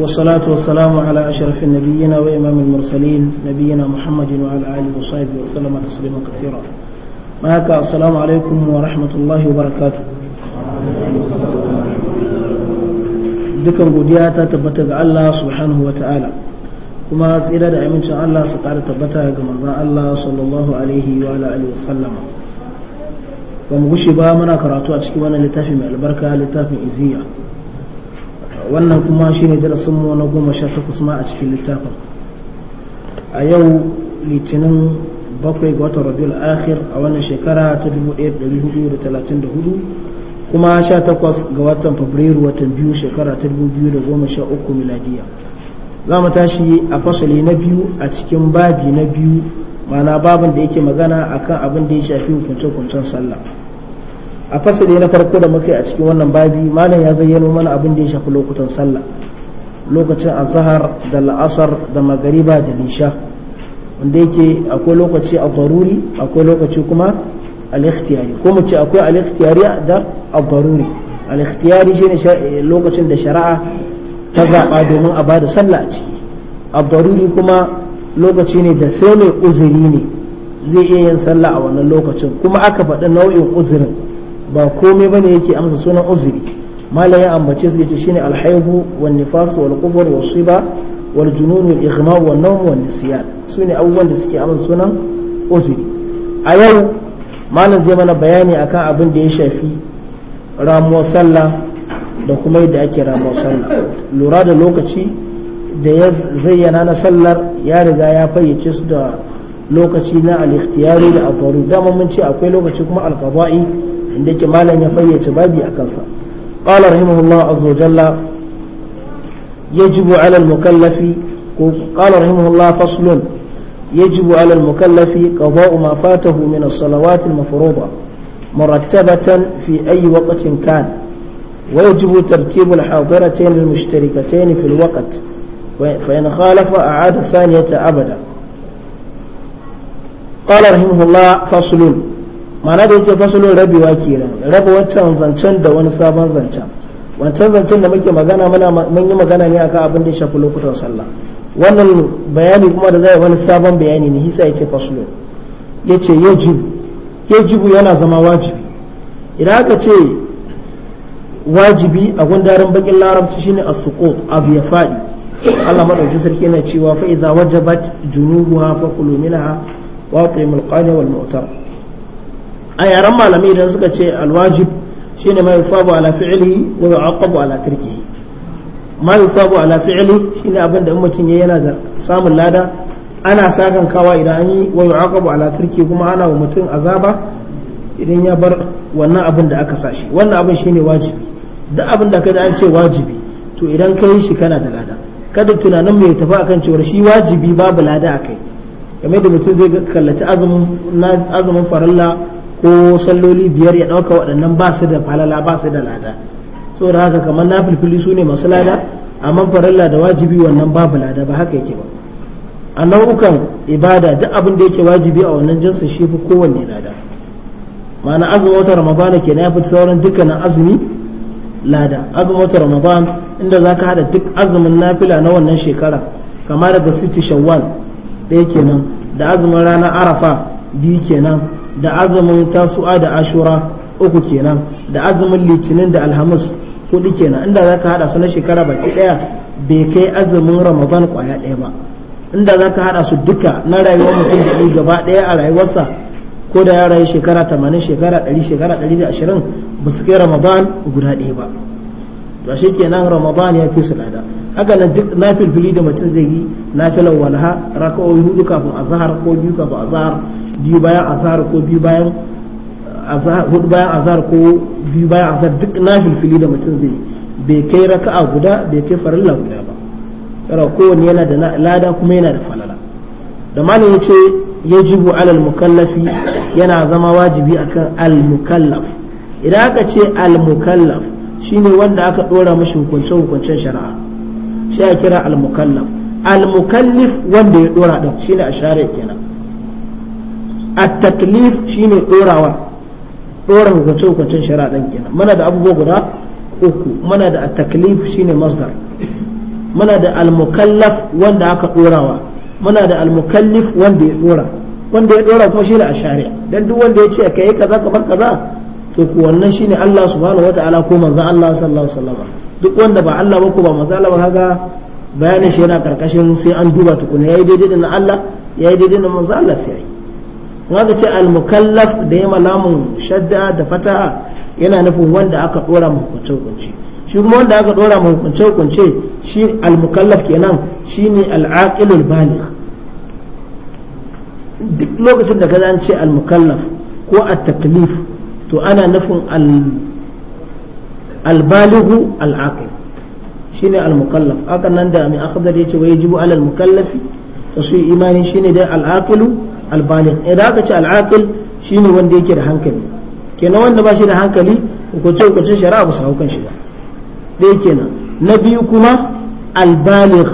والصلاة والسلام على أشرف النبيين وإمام المرسلين نبينا محمد وعلى آله وصحبه وسلم تسليما كثيرا معك السلام عليكم ورحمة الله وبركاته dukan godiya ta tabbata ga Allah subhanahu wa ta'ala kuma tsira da amincin Allah su ƙara tabbata ga manzan Allah sallallahu alaihi wa alihi ba mu gushe ba muna karatu a cikin wannan littafi mai albarka littafin iziya wannan kuma shine darasin mu na goma sha takwas ma a cikin littafin a yau litinin bakwai ga watan rabiul akhir a wannan shekara ta 1434 kuma sha takwas ga watan fabrairu watan biyu shekara ta 2013 miladiya za mu tashi a fasali na biyu a cikin babi na biyu mana babin da yake magana akan abin da ya shafi hukunce-hukuncen sallah a fasali na farko da muke a cikin wannan babi malam ya zayyano mana abin da ya shafi lokutan sallah lokacin azhar da la'asar da magariba da nisha wanda yake akwai lokaci a daruri akwai lokaci kuma al-ikhtiyari ko mu ce akwai al-ikhtiyari da al-daruri al-ikhtiyari shine eh, lokacin da shari'a ta zaba domin a bada sallah a ciki al-daruri kuma lokaci ne da sai mai uzuri ne zai iya yin sallah a wannan lokacin kuma aka faɗi nau'in uzurin ba komai ba ne yake amsa sunan uzuri malam ya ambace su yace shine alhaihu wan nifas wal qubur was siba wal junun wal ighma wan nawm wan nisyan sune abubuwan da suke amsa sunan uzuri a yau malam zai mana bayani akan abin da ya shafi ramuwar sallah da kuma yadda ake ramuwar sallah lura da lokaci da ya zayyana na sallar ya riga ya fayyace su da lokaci na al-ikhtiyari da al dama mun ce akwai lokaci kuma al-qada'i عند كمال يفيه تبابي أكنسا قال رحمه الله عز وجل يجب على المكلف قال رحمه الله فصل يجب على المكلف قضاء ما فاته من الصلوات المفروضة مرتبة في أي وقت كان ويجب ترتيب الحاضرتين المشتركتين في الوقت فإن خالف أعاد ثانية أبدا قال رحمه الله فصل ma'ana da yake fasalin rabewa kenan raba wancan zancen da wani sabon zancen wancan zancen da muke magana muna mun yi magana ne akan abin da shafi lokutan sallah wannan bayani kuma da zai wani sabon bayani ne hisa yake fasalo yace yajibu yajibu yana zama wajibi idan aka ce wajibi a gundarin bakin larabci shine as-suqut abu ya fadi Allah madauki sarki yana cewa fa idza wajabat junubuha fa kulu minha wa aqimul qani wal mu'tar a yaren malamai idan suka ce alwajib shine ma yusabu ala fi'lihi wa yu'aqabu ala tarkihi ma yusabu ala fi'li shine abin da in mutum yayi yana da samun lada ana sakan kawa idan an yi wa yu'aqabu ala tarkihi kuma ana wa mutum azaba idan ya bar wannan abin da aka sashi wannan abin shine wajibi duk abin da kada an ce wajibi to idan ka yi shi kana da lada kada tunanin mai tafi akan cewa shi wajibi babu lada akai game da mutum zai kallaci azumin azumin farilla ko salloli biyar ya ɗauka waɗannan ba su da falala ba su da lada saboda haka kamar na filfili su ne masu lada amma farilla da wajibi wannan babu lada ba haka yake ba a nau'ukan ibada duk abin da yake wajibi a wannan jinsi shi fi kowanne lada ma'ana azumin wata ramadan ke na yafi sauran dukkanin azumi lada azumin wata ramadan inda zaka hada duk azumin nafila na wannan shekara kama daga siti shawwal ɗaya kenan da azumin ranar arafa biyu kenan da azumin tasu'a da ashura uku kenan da azumin litinin da alhamis hudu kenan inda za ka haɗa su na shekara baki ɗaya bai kai azumin ramadan kwaya ɗaya ba inda za ka haɗa su duka na rayuwar mutum da yi gaba ɗaya a rayuwarsa ko da ya rayu shekara tamanin shekara ɗari shekara ɗari ba su kai ramadan guda ɗaya ba to shi kenan ramadan ya fi su lada haka nan duk fili da mutum zai yi nafilan walha raka'o'i hudu kafin azhar ko biyu kafin azhar biyu bayan asar ko biyu bayan azhar hudu bayan azhar ko biyu bayan azhar duk filfili da mutum zai bai kai raka'a guda bai kai farilla guda ba tsara kowanne yana da lada kuma yana da falala da malam yace yajibu alal mukallafi yana zama wajibi akan al mukallaf idan aka ce al mukallaf shine wanda aka dora mashi hukunce hukuncin shari'a shi ya kira al mukallaf al mukallif wanda ya dora din shine shari'a kenan at-taklif shine dorawa dora hukunce hukuncen shari'a din kenan muna da abubuwa guda uku muna da at-taklif shine masdar muna da al wanda aka dorawa muna da al wanda ya dora wanda ya dora kuma shine ash-shari'a dan duk wanda ya ce kai kaza ka bar kaza to ku wannan shine Allah subhanahu wataala ko manzon Allah sallallahu alaihi wasallam duk wanda ba Allah ba ko ba manzon Allah ba kaga bayanin shi yana karkashin sai an duba tukuna yayi daidai da na Allah yayi daidai da manzon Allah sai yayi wanda ce al-mukallaf da ya malamun shadda da fataha yana nufin wanda aka dora mu hukunce hukunce shi kuma wanda aka dora mu hukunce hukunce shi al-mukallaf kenan shine al-aqilul baligh duk lokacin da ka zan ce al-mukallaf ko at-taklif to ana nufin al-balighu al-aqil shine al-mukallaf haka nan da mai akhdar yace wa yajibu alal mukallafi tasu imani shine dai al-aqilu albalin idan eh, aka ce al'aqil shine wanda yake da hankali kenan wanda ba shi da hankali hukunce hukuncin shari'a ba su hau shi ba dai kenan na biyu kuma albaligh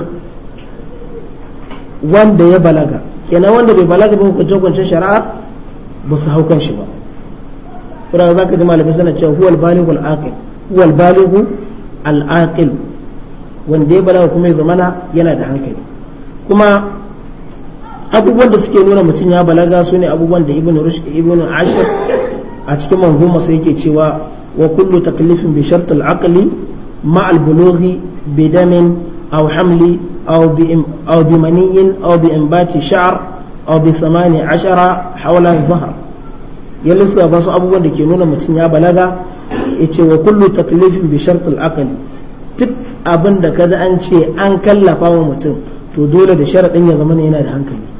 wanda ya balaga kenan wanda bai balaga ba hukunce hukuncin shari'a ba su hau shi ba kuma za ka ji malamai suna cewa huwal balighu al'aqil huwal balighu al'aqil wanda ya balaga kuma ya zamana yana da hankali kuma abubuwan da suke nuna mutum ya balaga su ne abubuwan da ibn rushd ibn ashir a cikin manzuma sai yake cewa wa kullu taklifin bi shart al aqli ma al bulughi bi damin aw hamli aw bi aw bi maniyyin aw bi inbati sha'r aw bi 18 hawla dhahr ya lissafa su abubuwan da ke nuna mutum ya balaga ya ce wa kullu taklifin bi shart al aqli duk abin da kaza an ce an kallafa wa mutum to dole da sharadin ya zama yana da hankali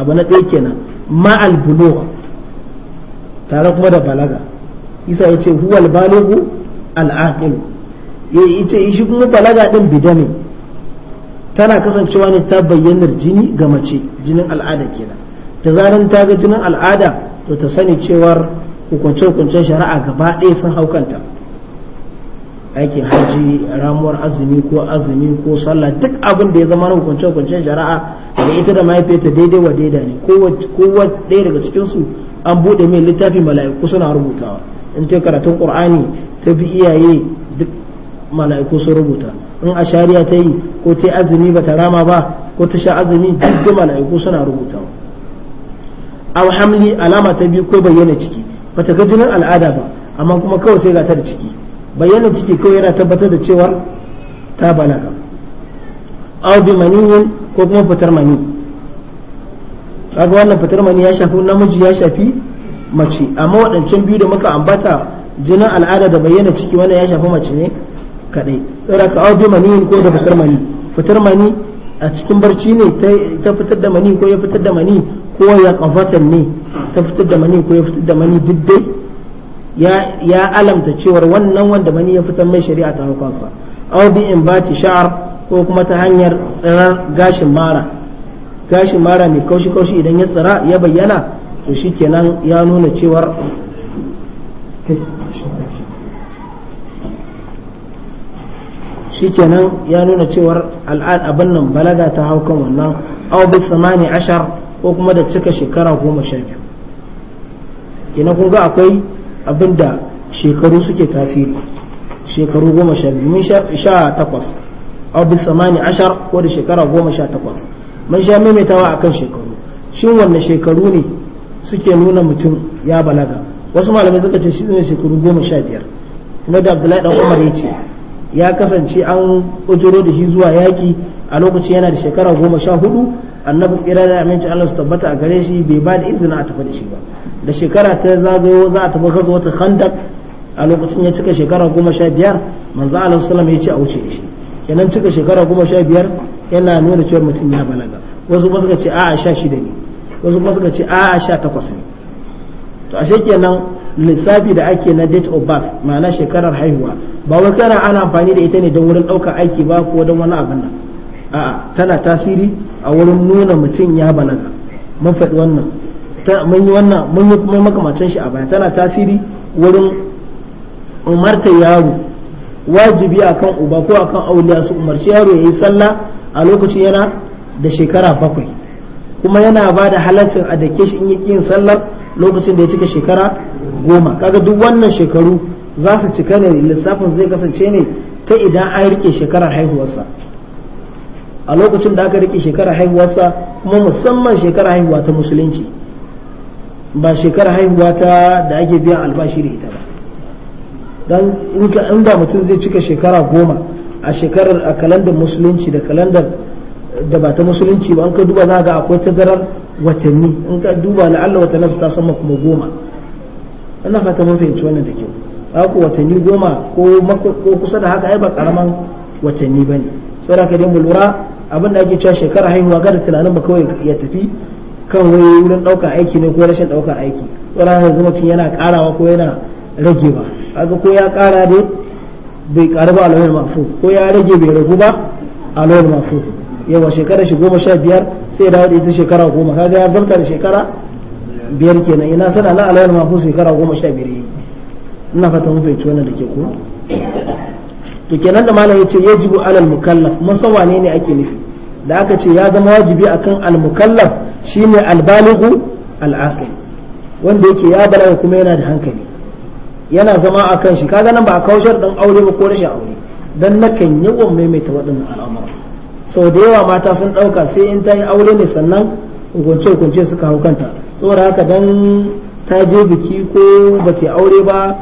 abu na ɗaya kenan ma albuluwa tare kuma da balaga isa ya ce huwal balighu al'aqil aqil ya ce shi kuma balaga din ne tana kasancewa ne ta bayyanar jini ga mace jinin al'ada kenan da zaran ta ga jinin al'ada to ta sani cewar hukunce-hukuncen shari'a gaba ɗaya sun haukanta aikin haji ramuwar azumi ko azumi ko sallah duk abin da ya zama na hukunce-hukuncen shari'a da ita da mahaifiyarta daidai wa daida ne kowa ɗaya daga cikinsu an buɗe mai littafi mala'iku suna rubutawa in ta karatun qur'ani ta bi iyaye duk mala'iku sun rubuta in a shari'a ta yi ko ta azumi ba ta rama ba ko ta sha azumi duk da mala'iku suna rubutawa aw hamli alama ta biyu ko bayyana ciki bata ga jinin al'ada ba amma kuma kawai sai ga ta da ciki bayyana ciki kawai yana tabbatar da cewa ta balaga aw bi maniyin ko kuma fitar mani kaga wannan fitar mani ya shafi namiji ya shafi mace amma waɗancan biyu da muka ambata jinin al'ada da bayyana ciki wannan ya shafi mace ne kadai ka aw bi maniyin ko da fitar mani fitar mani a cikin barci ne ta fitar da mani ko ya fitar da mani ko ya kafatan ne ta fitar da mani ko ya fitar da mani duk dai ya alamta cewar wannan wanda mani ya fitar mai shari'a ta hukunsa aw bi in bati sha'ar ko kuma ta hanyar tsirar gashin mara gashin mara mai kaushi kaushi idan ya tsira ya bayyana to shikenan ya nuna cewar shikenan ya nuna cewar al'ad abin nan balaga ta haukan wannan aw bi samani ashar ko kuma da cika shekara goma sha biyu kina kun ga akwai abinda shekaru suke tafi shekaru goma sha biyu mun sha takwas a bi samani ashar ko da shekara goma sha takwas mun sha maimaitawa a kan shekaru shin wanne shekaru ne suke nuna mutum ya balaga wasu malamai suka ce shi ne shekaru goma sha biyar kuma da abdullahi dan umar ya ce ya kasance an ujuro da shi zuwa yaki a lokacin yana da shekara goma sha hudu annabi tsira da aminci allah su tabbata a gare shi bai ba da izini a tafi da shi ba da shekara ta zagayo za a tafi ghazwatul khandaq a lokacin ya cika shekara goma sha biyar manzo alaihi wasallam ya ce a wuce da shi kenan cika shekara goma sha biyar yana nuna cewa mutum ya balaga wasu ba suka ce a'a sha shida ne wasu ba suka ce a'a sha takwas ne to ashe kenan lissafi da ake na date of birth ma'ana shekarar haihuwa ba wai kana ana amfani da ita ne don wurin ɗaukar aiki ba ko don wani abin nan a'a tana tasiri a wurin nuna mutum ya balaga mun faɗi wannan mun yi wannan mun yi kuma makamacin shi a baya tana tasiri wurin umarta yaro wajibi akan uba ko akan auliya su umarci yaro ya yi sallah a lokacin yana da shekara bakwai kuma yana ba da halaccin a dake shi in yi yin sallar lokacin da ya cika shekara goma kaga duk wannan shekaru za su cika ne lissafin zai kasance ne ta idan an rike shekarar haihuwarsa a lokacin da aka rike shekarar haihuwarsa kuma musamman shekarar haihuwa ta musulunci ba shekarar haihuwa ta da ake biyan albashi da ita ba dan in da mutum zai cika shekara goma a shekarar a kalandar musulunci da kalandar da ba ta musulunci ba an ka duba za ga akwai tazarar watanni in ka duba la'alla watanni su ta sama kuma goma ina fata mun fahimci wannan da kyau ku watanni goma ko kusa da haka ai ba karaman watanni ba ne saboda ka dai mu lura abin da ake cewa shekara haihuwa ga da tunanin ba kawai ya tafi kan wai wurin ɗaukar aiki ne ko rashin ɗaukar aiki wani zuma cin yana ƙarawa ko yana rage ba kaga ko ya ƙara dai bai ƙaru ba alawar mafu ko ya rage bai ragu ba alawar mafu yawa shekara shi goma sha biyar sai dawo ita shekara goma kaga ya zarta da shekara biyar kenan ina sana na alawar mafu shekara goma sha biyar yi ina fata mun fahimci wannan da ke kuma to kenan da malam yace yajibu alal mukallaf mun san ne ake nufi da aka ce ya zama wajibi akan al mukallaf Shi ne albalighu al’aƙil wanda yake ya balaga kuma yana da hankali yana zama a kan shi kaga nan ba a kawo ɗan aure ba ko rashin aure dan nakan wa maimaita waɗannan al'amura sau da yawa mata sun ɗauka sai in ta yi aure ne sannan hukunce hukunce suka hau kanta saboda haka don ta je biki ko ba ta aure ba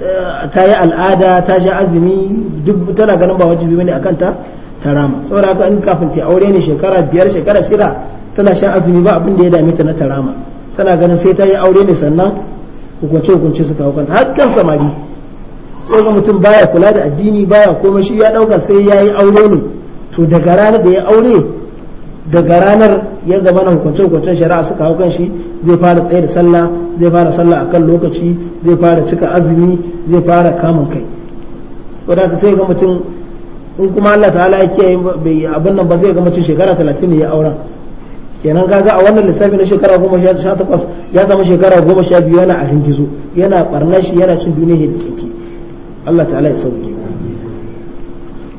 eh, ta yi al'ada ta sha azumi duk tana ganin ba wajibi bane a kanta ta rama saboda haka in kafin ta aure ne shekara biyar shekara shida tana shan azumi ba abin da ya dame ta na tarama tana ganin sai ta yi aure ne sannan hukunce hukunce suka hukun hakan samari sai ga mutum baya kula da addini baya komai shi ya dauka sai ya yi aure ne to daga ranar da ya aure daga ranar ya zama na hukunce hukuncen shari'a suka hau kan shi zai fara tsaye da sallah zai fara sallah akan lokaci zai fara cika azumi zai fara kamun kai wadda sai ga mutum in kuma Allah ta'ala ya kiyaye abin nan ba zai ga mutum shekara 30 ne ya auren. kenan kaga a wannan lissafi na shekara goma sha takwas ya zama shekara goma sha biyu yana a gizo yana barna shi yana cin duniya da tsaki Allah ta'ala ya sauke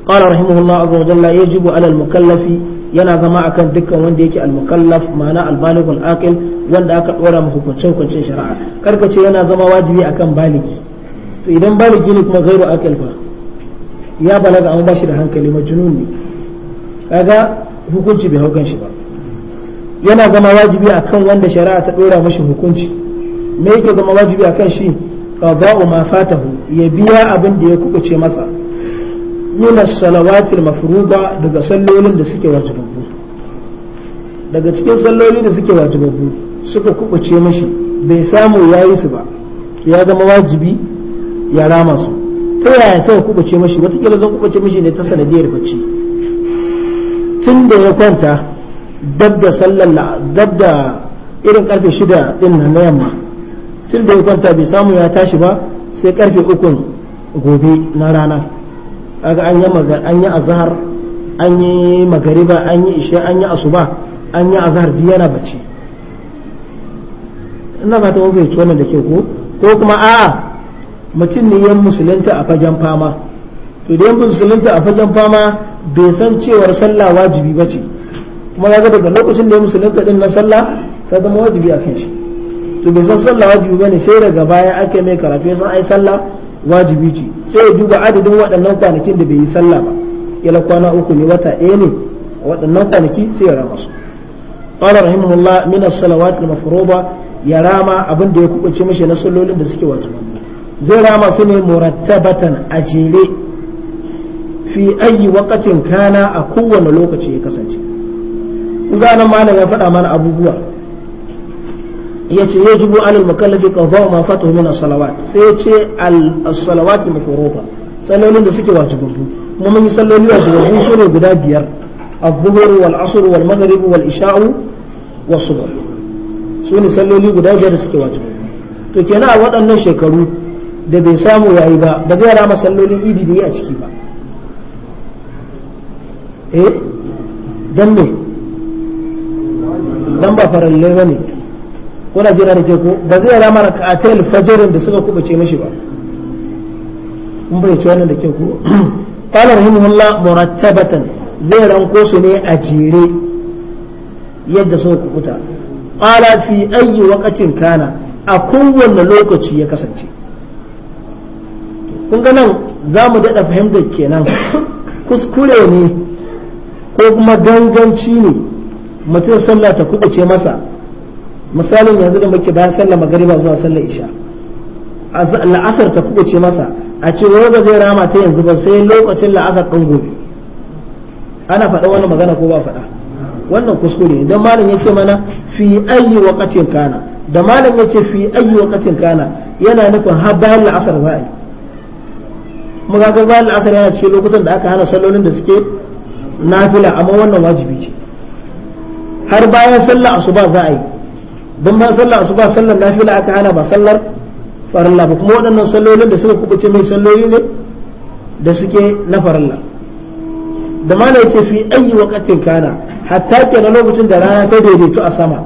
قال رحمه الله عز وجل يجب على المكلف yana zama akan dukkan wanda yake al-mukallaf ma'ana al-balighul aqil wanda aka dora mu hukuncin hukuncin shari'a karka ce yana zama wajibi akan baligi to idan baligi ne kuma ghairu aqil fa ya balaga amma ba shi da hankali majnun ne kaga hukunci bai haukan shi ba yana zama wajibi akan wanda shari'a ta ɗora mashi hukunci me yake zama wajibi akan shi qada'u ma fatahu ya biya abin da ya kubuce masa min as-salawati daga sallolin da suke wajibabbu daga cikin salloli da suke wajibabbu suka kubuce mashi bai samu yayi su ba ya zama wajibi ya rama su ta yaya sai kubuce mashi wata kila zan kubuce mashi ne ta sanadiyar bacci tun da ya kwanta dab da sallar dab da irin karfe shida din nan na yamma tun da ya kwanta bai samu ya tashi ba sai karfe ukun gobe na rana kaga an yi an yi azhar an yi magariba an yi isha an yi asuba an yi azhar ji yana bacci ina ba ta wuce wannan da ke ko ko kuma a'a mutum ne yan musulunta a fagen fama to da yan musulunta a fagen fama bai san cewar sallah wajibi ba ce kuma ya ga daga lokacin da ya musulunta din na sallah ta zama wajibi a kan shi to bai san sallah wajibi bane sai daga baya ake mai karatu ya san ai sallah wajibi ce sai ya duba adadin waɗannan kwanakin da bai yi sallah ba kila kwana uku ne wata ɗaya ne waɗannan kwanaki sai ya rama su rahimahullah min as-salawat al-mafruḍa ya rama abin da ya kubuce mishi na sallolin da suke wajibi zai rama su ne murattabatan a jere fi ayi wakatin kana a kowane lokaci ya kasance ga nan malam ya faɗa mana abubuwa yace yajibu alal mukallafi qadha ma fatahu min as-salawat sai yace as-salawat makruha sallolin da suke wajibabu kuma mun yi salloli wajibabu sune guda biyar wal wal الظهر wal والمغرب والعشاء والصبح sune salloli guda biyar da suke wajibabu to kenan a waɗannan shekaru da bai samu yayi ba ba zai rama sallolin idi da yi a ciki ba eh dan me dan ba farallai bane kuna jira da ke ko ba zai rama raka'atul fajr da suka kubace mashi ba kun bai ci wannan da ke ko qala rahimahullah murattabatan zai ranko su ne a jere yadda suka kubuta qala fi ayyi waqtin kana a kowanne lokaci ya kasance kun ga nan za mu daɗa fahimtar kenan kuskure ne ko kuma ganganci ne mutum sallah ta kubuce masa misalin yanzu da muke bayan sallah magariba zuwa sallah isha la'asar ta kubuce masa a ce wai ba zai rama ta yanzu ba sai lokacin la'asar ɗan gobe ana faɗa wani magana ko ba faɗa wannan kuskure idan malam ya ce mana fi ayi waqatin kana da malam ya ce fi ayi waqatin kana yana nufin har bayan la'asar za a yi mu ga bayan la'asar yana cikin lokutan da aka hana sallolin da suke nafila amma wannan wajibi ce har bayan sallar asuba za a yi don bayan sallar asuba sallar nafila aka hana ba sallar farilla ba kuma waɗannan sallolin da suka kubuce mai salloli ne da suke na farilla da ma na ce fi ayi wakatin kana hatta kenan lokacin da rana ta daidaito a sama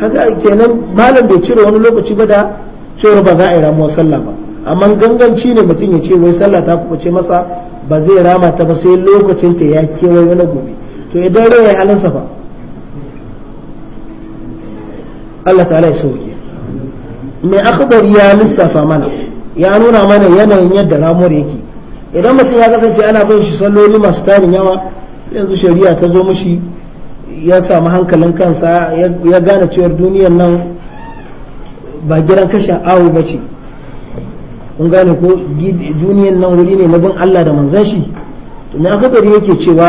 haka kenan malam bai cire wani lokaci ba da cewar ba za a yi ramuwar sallah ba amma ganganci ne mutum ya ce wai sallah ta kubuce masa ba zai rama ta ba sai lokacin ta ya kewaye na gobe to idan rai halinsa ba. Allah ta'ala ya sauke mai akhbar ya lissafa mana ya nuna mana yanayin yadda ramuwar yake idan mutum ya kasance ana bin shi salloli masu tarin yawa sai yanzu shari'a ta zo mushi ya samu hankalin kansa ya gane cewar duniyar nan ba gidan kashe awo ba ce kun gane ko duniyar nan wuri ne na bin Allah da manzan shi to na yake cewa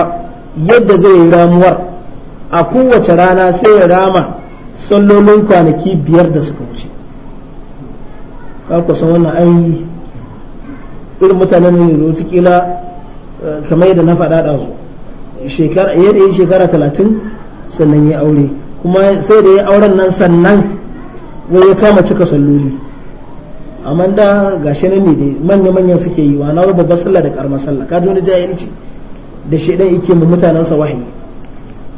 yadda zai yi ramuwar a kowace rana sai ya rama sallolin kwanaki biyar da suka wuce ka wannan an irin mutanen ne da kila kamar yadda na faɗa da su shekara ya yi shekara talatin sannan ya aure kuma sai da ya auren nan sannan wai ya kama cika salloli amma da ga nan ne dai manya manya suke yi wa na babbar sallah da karamar sallah ka wani jahilci da shaidan yake mu mutanensa wahayi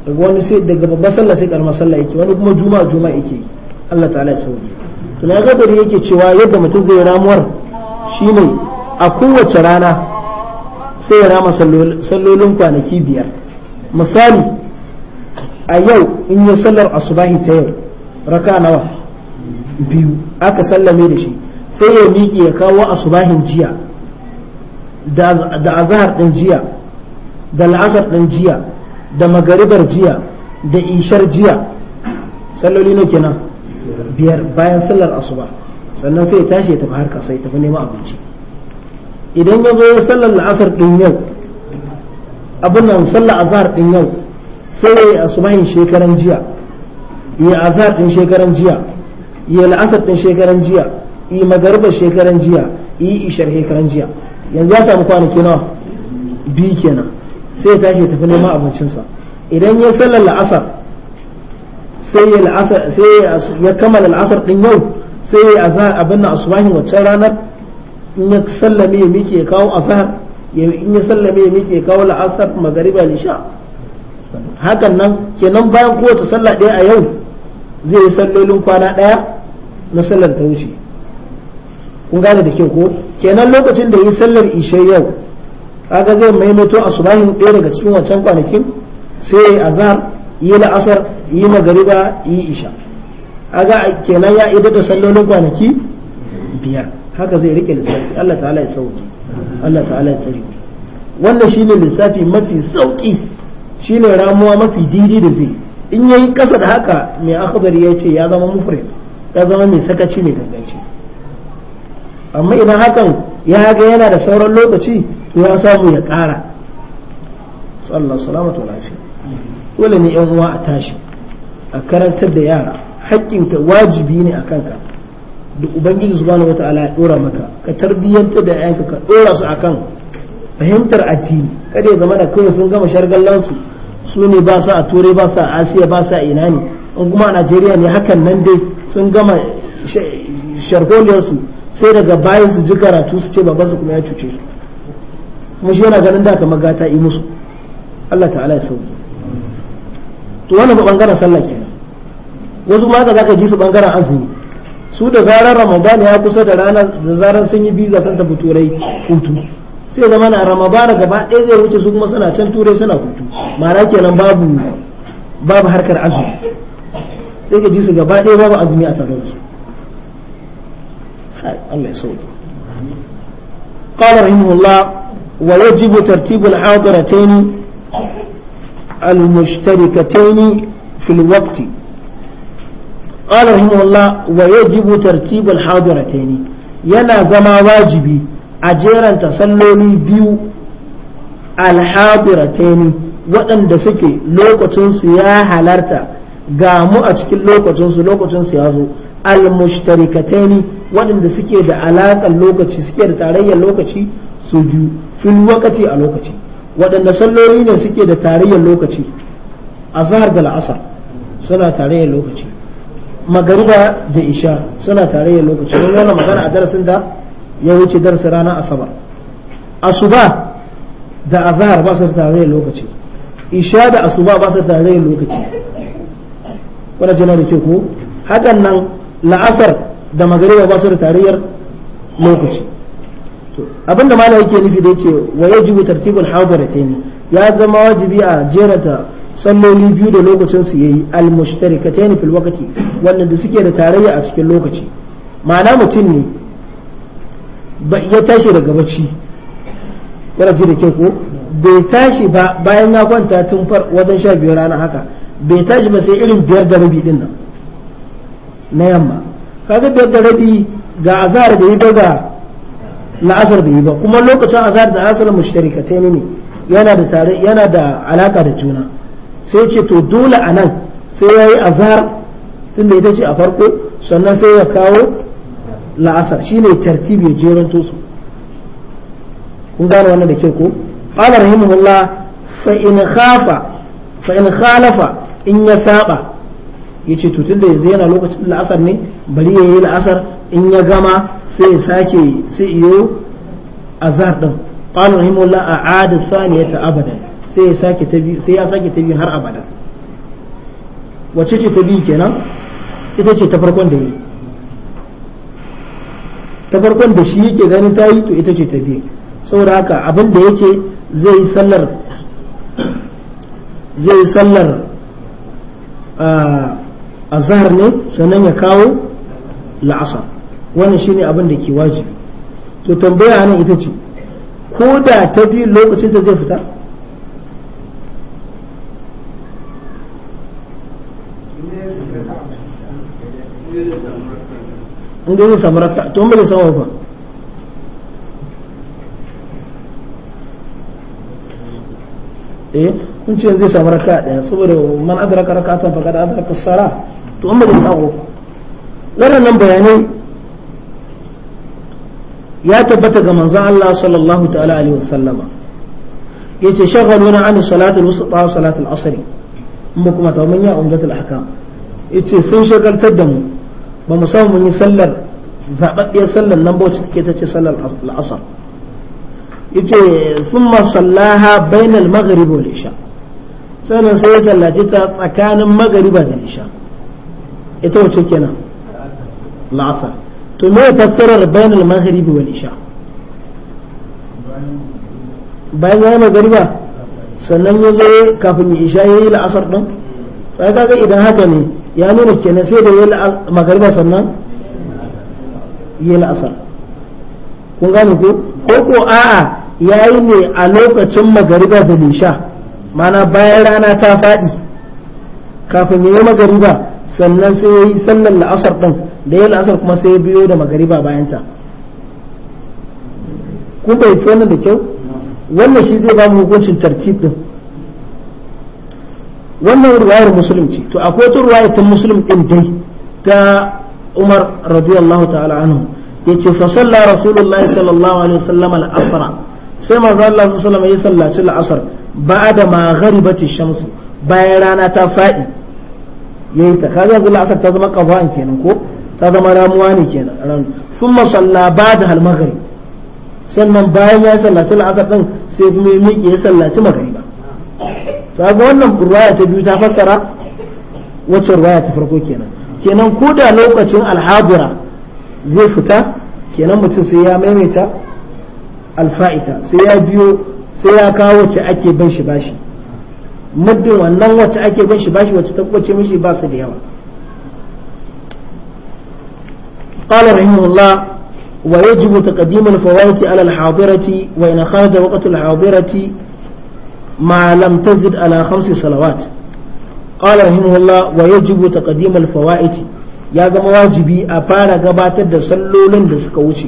daga wani sai daga babban sallah sai karamar sallah yake wani kuma juma'a juma'a yake Allah ta'ala ya sauke to na gadari yake cewa yadda mutum zai ramuwar shine a kowace rana sai ya rama sallolin kwanaki biyar misali a yau in ya sallar asubahi ta yau raka nawa biyu aka sallame da shi sai ya miƙe ya kawo asubahin jiya da azahar ɗin jiya da la'asar ɗin jiya da magaribar jiya da ishar jiya salloli ne kenan biyar bayan sallar asuba sannan sai ya tashi ya tafi harka sai tafi neman abinci idan ya zo ya sallar la'asar din yau abin nan sallar azhar din yau sai ya yi asubahin shekaran jiya ya azhar din shekaran jiya ya la'asar din shekaran jiya yi magaribar shekaran jiya yi ishar shekaran jiya yanzu ya samu kwanaki nawa biyu kenan sai ya tashi tafi neman abincinsa idan ya sallar la'asar sai ya la'asar sai ya kammala la'asar din yau sai ya azhar abin nan asubahin waccan ranar in ya sallame ya miƙe ya kawo azhar in ya sallame ya miƙe ya kawo la'asar magariba lisha hakan nan kenan bayan kowace sallah ɗaya a yau zai yi sallolin kwana ɗaya na sallar ta wuce kun gane da kyau ko kenan lokacin da yi sallar ishe yau kaga zai maimaito subahin ɗaya daga cikin wancan kwanakin sai ya yi azhar yi la'asar yi magariba yi isha kaga kenan ya idar da sallolin kwanaki biyar haka zai rike lissafi Allah ta'ala ya sauki Allah ta'ala ya tsare wannan shine lissafi mafi sauki shine ramuwa mafi didi da zai in yayi kasa da haka mai akhdar ya ce ya zama mufrid ya zama mai sakaci mai ganganci amma idan hakan ya ga yana da sauran lokaci to ya samu ya ƙara sallallahu salamatu lafiya dole ne yan uwa a tashi a karantar da yara haƙƙinka wajibi ne a kanka da ubangiji subhanahu wata'ala ya dora maka ka tarbiyyantar da yayanka ka dora su akan fahimtar addini kada ya zama da kawai sun gama shargallansu su ne ba sa a turai ba sa a asiya ba sa a ina ne in kuma a najeriya ne hakan nan dai sun gama sharholiyarsu sai daga bayan su ji karatu su ce su kuma ya cuce su kuma shi yana ganin da kamar gata yi musu Allah ta'ala ya sauke to wannan ba bangaren sallah kenan wasu ma ka zaka ji su bangaren azumi su da zarar ramadan ya kusa da ranar da zarar sun yi biza sun tafi turai hutu sai zama na ramadan gaba ɗaya zai wuce su kuma suna can turai suna hutu ma'ana kenan babu babu harkar azumi sai ka ji su gaba ɗaya babu azumi a tare da su Allah ya sauke قال رحمه الله ويجب ترتيب الحاضرتين المشتركتين في الوقت قال رحمه الله ويجب ترتيب الحاضرتين yana zama wajibi a jeranta salloli biyu alhadirataini waɗanda suke lokacinsu ya halarta ga mu a cikin lokacinsu lokacinsu ya zo almushtarikataini waɗanda suke da alaƙar lokaci suke da tarayya lokaci su biyu fil wakati a lokaci waɗanda salloli ne suke da tarayyar lokaci azhar da la'asar suna tarayyar lokaci magariba da isha suna tarayyar lokaci don wannan magana a darasin da ya wuce darasi rana asabar asuba da azhar ba su tarayyar lokaci isha da asuba ba su tarayyar lokaci wannan jana da ke ko hakan nan la'asar da magariba ba su da tarayyar lokaci abinda mala yake nufi da yake wa yajibu tartibul hadaratayn ya zama wajibi a jerata salloli biyu da lokacin su yayi al mushtarikatayn fil waqti wannan da suke da tarayya a cikin lokaci ma'ana mutum ne ya tashi daga bacci yana ji da ke ko bai tashi ba bayan ya kwanta tun far wajen sha biyar rana haka bai tashi ba sai irin biyar da rabi din nan na yamma kaga biyar da rabi ga azhar da ya daga la'asar bai yi ba kuma lokacin azhar da asar mushrikatai ne yana da tare yana da alaka da juna sai ce to dole a nan sai yayi azhar tunda ita ce a farko sannan sai ya kawo la'asar shine tartibi ya jeranto su kun gane wannan da ke ko qala rahimahullah fa in khafa fa in khalafa in ya saba yace to tunda yanzu yana lokacin la'asar ne bari yayi la'asar in ya gama sai sake sai iyo e azar din qala la a'ada saniyata abada sai ya sake ta bi sai ya sake ta biyu har abada wacce ce ta biyu kenan ita ce ta farkon da yi ta farkon da shi yake ganin ta yi to ita ce ta biyu saboda haka abin da yake zai sallar zai yi sallar azhar ne sannan ya kawo la'asar wannan shine abin da ke wajibi to tambaya nan ita ce ko da ta bi lokacin ta zai fita in dai zai samu raka to bai samu ba eh kun ce zai samu raka daya saboda man adraka rakatan faqad adraka as-sala to amma bai samu wannan bayanai ya tabbata ga manzon Allah sallallahu ta'ala alaihi wasallama yace shaghaluna an salatul wusta wa salatul asr mun kuma ta mun ya umdatul ahkam yace sun shagaltar da mu ba mu samu mun yi sallar zababbiyar sallar nan ba wacce take tace sallar al'asr yace thumma sallaha bainal maghrib wal isha sannan sai ya sallace ta tsakanin magariba da isha ita wacce kenan la'asar to me fassarar bainal maghribi wal isha bayan ya yi magariba sannan ya zo kafin ya isha ya yi la'asar ɗin to ya kaga idan haka ne ya nuna kenan sai da ya yi magariba sannan ya yi la'asar kun gane ko ko ko a'a ya yi ne a lokacin magariba da lisha mana bayan rana ta faɗi kafin ya yi magariba sannan sai ya yi sallar la'asar ɗin da ya la'asar kuma sai biyo da magariba bayan ta kun bai wannan da kyau wannan shi zai ba mu hukuncin tartib din wannan riwayar muslim ce to akwai wata riwaya ta muslim din dai ta umar radiyallahu ta'ala anhu yace fa salla rasulullahi sallallahu alaihi wasallam al-asra sai manzo Allah sallallahu alaihi wasallam ya sallaci al-asr ba'da ma gharibati shamsu bayan rana ta fadi yayi ta kaga yanzu al-asr ta zama qada'an kenan ko ta zama ramuwa ne kenan ran sun masalla ba da halmagari sannan bayan ya sallaci la'asar ɗin sai kuma ya miƙe ya sallaci ba to ga wannan ruwaya ta biyu ta fassara wacce ruwaya ta farko kenan kenan ko da lokacin alhadura zai fita kenan mutum sai ya maimaita alfa'ita sai ya biyo sai ya kawo wacce ake bin shi bashi muddin wannan wacce ake bin shi bashi wacce ta kwace mishi ba su da yawa قال رحمه الله ويجب تقديم الفوائد على الحاضرة وإن خرج وقت الحاضرة ما لم تزد على خمس صلوات قال رحمه الله ويجب تقديم الفوائد ya zama wajibi a fara gabatar da sallolin da suka wuce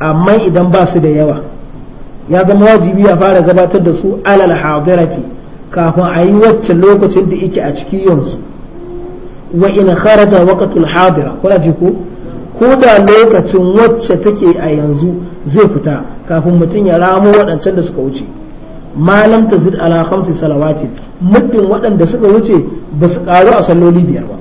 amma idan basu da yawa ya zama wajibi a fara gabatar da su alal hadirati kafin a yi wacce lokacin da yake a ciki yanzu wa kharaja waqtul ko ko da lokacin wacce take a yanzu zai fita kafin mutum ya ramo waɗancan da suka wuce malam ta zid ala khamsi salawati muddin waɗanda suka wuce ba su ƙaru a salloli biyar ba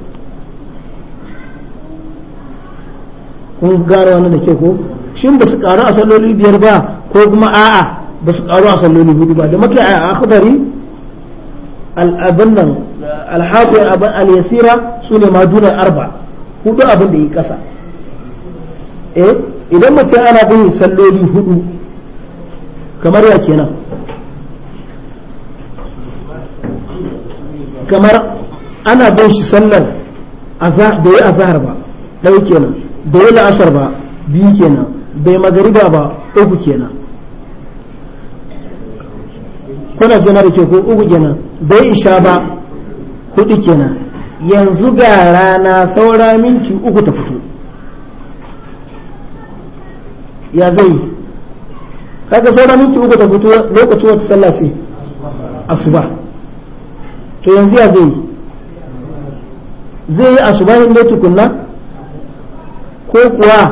kun gane wannan da ke ko shin ba su ƙaru a salloli biyar ba ko kuma a'a ba su ƙaru a salloli hudu ba da maka a akhdari al-abin nan al-hafiz al-yasira sune ma duna arba hudu abin da yi ƙasa eh idan mutum ana bin salloli hudu kamar ya kenan kamar ana bin shi sallar bai yi azahar ba ɗau kenan bai yi la'asar ba biyu kenan bai magariba ba uku kenan kuna jana da ke ko uku kenan bai isha ba hudu kenan yanzu ga rana saura minti uku ta fito ya zai kaga sauran minti uku ta fito lokacin wata sallah ce asuba to yanzu ya zai zai yi asuba ne tukunna ko kuwa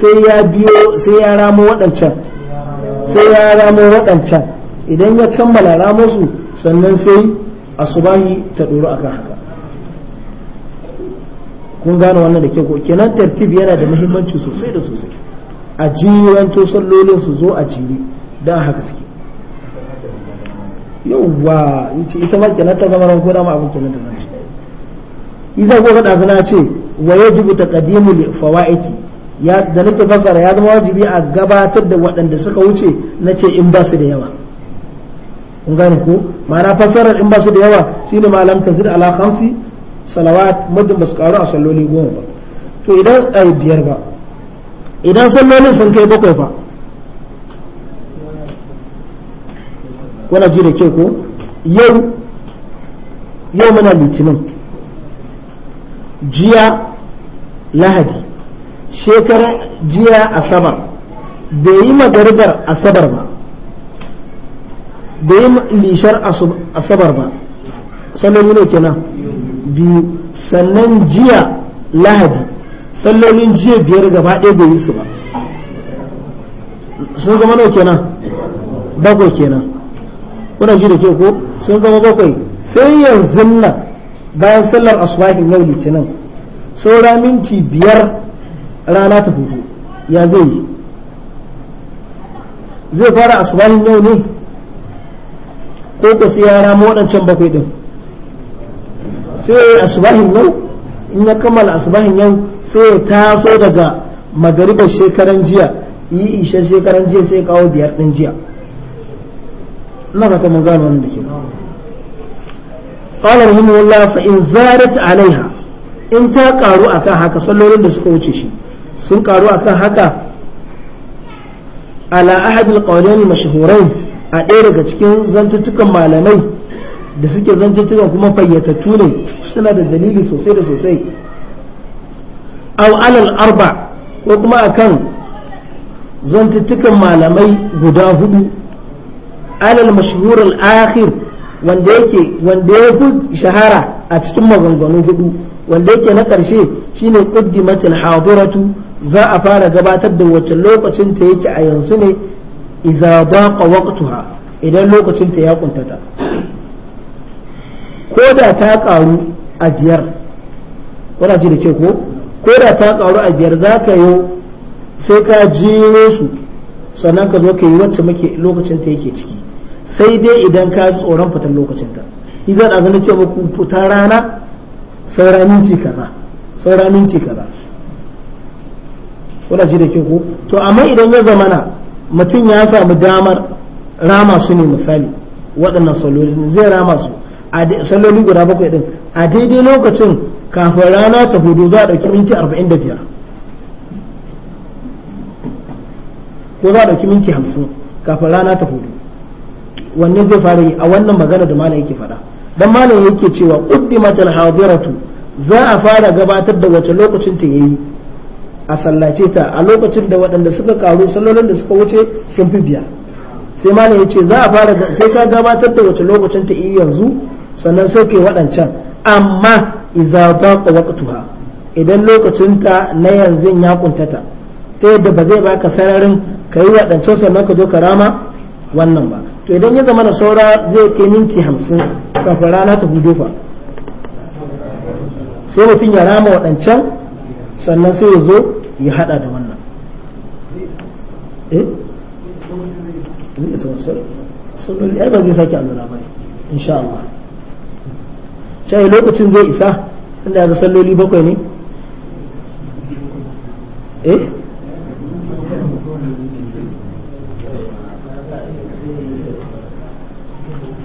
sai ya biyo sai ya ramo waɗancan sai ya ramo waɗancan idan ya kammala ramo su sannan sai yi ta ɗoro akan haka kun gane wannan da ke ko kenan tartib yana da muhimmanci sosai da sosai a jiranto sallolin su zo a jiri don haka suke yauwa ita ma kenan ta zama ranko dama abin kenan da zan ce isa ko kada suna ce wa yajibu li fawaiti ya da nake fasara ya zama wajibi a gabatar da waɗanda suka wuce na ce in ba su da yawa kun gane ko ma'ana fasarar in ba su da yawa shine malam tazid ala khamsi salawat muddin ba su karu a salloli goma ba to idan ai biyar ba idan sallolin sun kai bakwai fa wana ji da ke ko yau yau muna litinin jiya lahadi shekara jiya asabar bai yi magaribar asabar ba bai yi lishar asabar ba yi ne kenan biyu sannan jiya lahadi sallolin jiya biyar gaba ɗaya bai yi su ba sun zama nawa kenan bakwai kenan kuna ji da ke ko sun zama bakwai sai yanzu nan bayan sallar asubahin yau litinin saura minti biyar rana ta hudu ya zai yi zai fara asubahin yau ne ko ka sai ya rama waɗancan bakwai ɗin sai asubahin yau in ya kammala asubahin yau sai ya taso daga magaribar shekaran jiya yi isa shekaran jiya sai ya kawo biyar ɗin jiya ina fata mun gano wannan da ke qala rahimahullah fa in zarat alaiha in ta karu akan haka sallolin da suka wuce shi sun karu akan haka ala ahadil qawlain mashhurai a ɗaya daga cikin zantuttukan malamai da suke zancen kuma fayyatattu ne suna da dalili sosai da sosai aw alal arba ko kuma akan zantuttukan malamai guda hudu alal mashhur akhir wanda yake wanda ya fi shahara a cikin maganganu hudu wanda yake na ƙarshe shine qaddimat al hadiratu za a fara gabatar da wacce lokacin ta yake a yanzu ne idza daqa waqtuha idan lokacin ta ya kuntata ko da ta karu a biyar kuna ji da ke ko ko da ta karu a biyar za ka yi sai ka ji su sannan ka zo ka yi wacce muke lokacin ta yake ciki sai dai idan ka tsoron fitar lokacin ta ni zan zana ce muku fita rana saura minti kaza saura minti kaza kuna ji da ke ko to amma idan ya zamana mutum ya samu damar rama su ne misali waɗannan salolin zai rama su salloli guda bakwai din a daidai lokacin kafin rana ta hudu za a ɗauki minti arba'in da biyar ko za a ɗauki minti hamsin kafin rana ta hudu wanne zai fara yi a wannan magana da malam yake faɗa dan malam yake cewa quddimatul hadiratu za a fara gabatar da wace lokacin ta yayi a sallace ta a lokacin da waɗanda suka karu sallolin da suka wuce sun fi biya sai malam ya ce za a fara sai ka gabatar da wace lokacin ta yi yanzu sannan sai ke waɗancan amma idza daqa waqtuha idan lokacinta na yanzu ya kuntata ta yadda ba zai baka sararin ka yi waɗancan sannan ka zo ka rama wannan ba to idan ya zama na saura zai kai minti hamsin kafin rana ta hudu fa sai mutum ya rama waɗancan sannan sai ya zo ya haɗa da wannan eh ba zai sake allura ba insha Allah sai lokacin zai isa inda ga salloli bakwai ne eh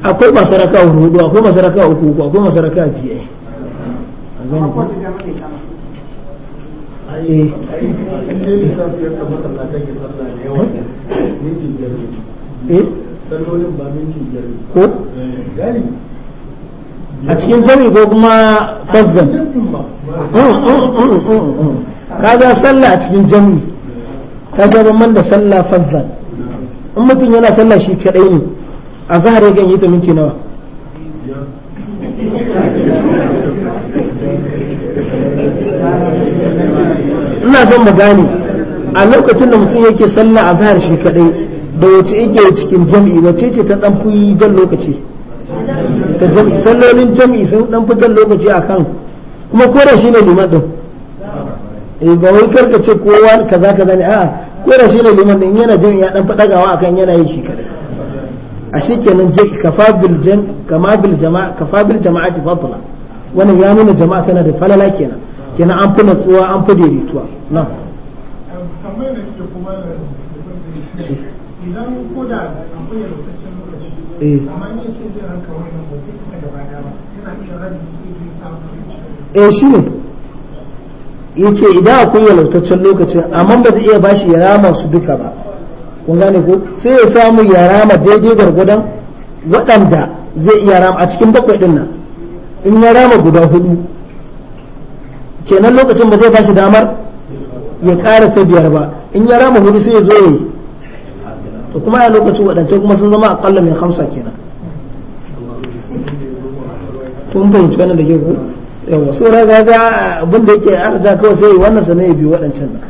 akwai masu raka hudu akwai masu raka uku akwai masu raka biye ko eh. Eh? a cikin jami'i ko kuma fazzan mm, mm, mm, kaga sallah a cikin jami'i ka sha man da sallah fazzan in mutum yana sallah shi kadai ne a zahar ya ganye ta minti nawa ina son mu gane a lokacin da mutum yake sallah a zahar shi kadai da wace yake cikin jami'i wace ce ta dan kuyi don lokaci sallolin jam'i sun dan fitar lokaci a kan kuma ko shi ne liman ɗin eh ba wai karka ce kowa kaza kaza ne a kora shi ne liman ɗin yana jam'i ya dan fadagawa akan yana yin shi kadai a shikenan je jeki bil jan kama bil jama'a kafa bil jama'ati fatula wannan ya nuna jama'a tana da falala kenan kenan an fi natsuwa an fi daidaituwa na idan e shi ne eh, ya ce idan akwai yalautaccen lokacin amma ba zai iya bashi ya rama su duka ba kun gane ko sai ya samu ya rama daidai gwargwadon waɗanda zai iya rama a cikin bakwai ɗin nan in ya rama guda hudu kenan lokacin ba zai bashi damar ya ƙara ta biyar ba in ya rama hudu sai ya zo ya to kuma a lokacin waɗancan kuma sun zama akalla mai hamsa kenan kun fahimci wannan da ke ku yawa ya ga ga abin da yake arja kawai sai wannan sanan ya biyu waɗancan nan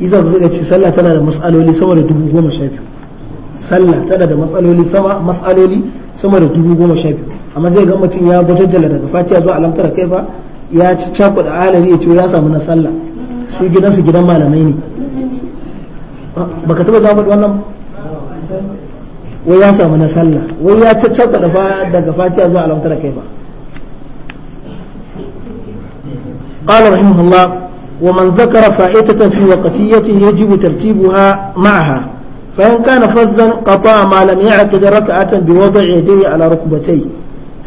iza ku suka ce sallah tana da matsaloli sama da dubu goma sha biyu sallah tana da matsaloli sama matsaloli sama da dubu goma sha biyu amma zai ga mutum ya bajajjala daga fatiya zuwa alamtar kai fa ya ci cakuɗa alali ya ce ya samu na sallah su gidansu gidan malamai ne taba zama wannan wai ya samu na sallah wai ya daga zuwa alamtar kai ba قال رحمه الله ومن ذكر فائتة في وقتية يجب ترتيبها معها فإن كان فزا قطع ما لم يعقد ركعة بوضع يديه على ركبتيه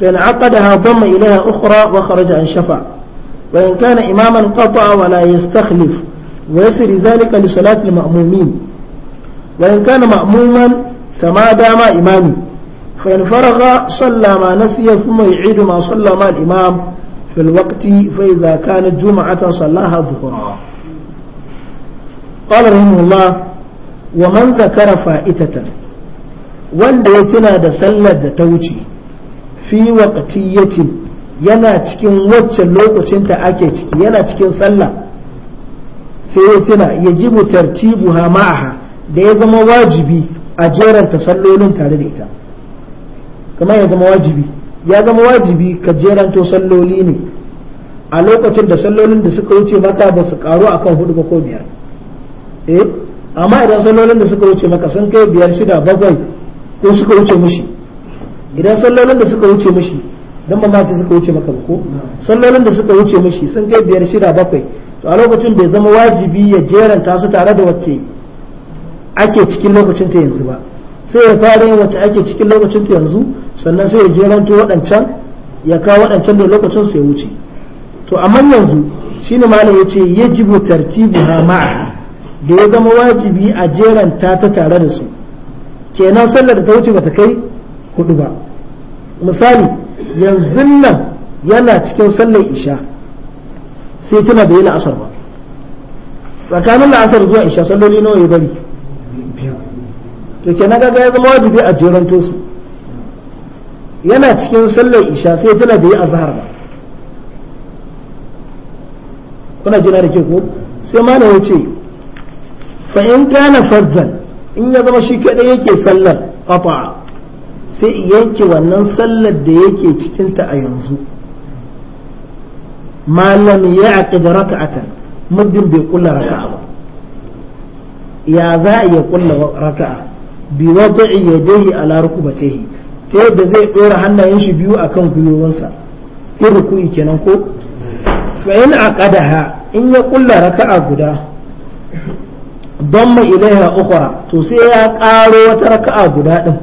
فإن عقدها ضم إليها أخرى وخرج عن شفع وإن كان إماما قطع ولا يستخلف ويسر ذلك لصلاة المأمومين وإن كان مأموما كما دام إمامي فإن فرغ صلى ما نسي ثم يعيد ما صلى مع الإمام في الوقت فإذا كانت جمعة صلاها ظهرا قال رحمه الله ومن ذكر فائتة wanda ya tuna da sallar da ta wuce fi waqtiyatin yana cikin wacce lokacinta ake ciki yana cikin sallah sai ya tuna ya ji tartibu ha ma'aha da ya zama wajibi a ta sallolin tare da ita kamar ya zama wajibi ya zama wajibi ka jeranto salloli ne a lokacin da sallolin da suka wuce maka ba su karu kan hudu ba ko biyar eh amma idan sallolin da suka wuce maka sun kai biyar shida bakwai ko suka wuce mushi idan sallolin da suka wuce mushi dan ba ma suka wuce maka ba ko sallolin da suka wuce mushi sun kai biyar shida bakwai to a lokacin bai zama wajibi ya jeranta su tare da wacce ake cikin lokacin ta yanzu ba sai ya fara yin wacce ake cikin lokacin ta yanzu sannan sai ya jeranto waɗancan ya kawo waɗancan da lokacin su ya wuce to amma yanzu shine malam yace yajibu tartibu ha ma'a da ya zama wajibi a jeranta ta tare da su kenan sallar da ta wuce bata kai hudu ba misali yanzu nan yana cikin sallar isha sai tana da yi la'asar ba tsakanin la'asar zuwa isha salloli nawa ya bari to kenan kaga ya zama wajibi a jeranto su yana cikin sallar isha sai tana da yi azhar ba kuna jina da ke ko sai mana ya ce fa in kana fardan in ya zama shi kadai yake sallar qata'a sai yanke wannan sallar da yake cikinta a yanzu ma lam ya'qid raka'atan muddin bai kulla raka'a ba ya za a iya kulla raka'a bi wada'i yadayhi ala rukbatihi ta yadda zai dora hannayen shi biyu akan gwiwowinsa in ruku'i kenan ko fa in aqadaha in ya kulla raka'a guda damma ilaiha ukhra to sai ya karo wata raka'a guda din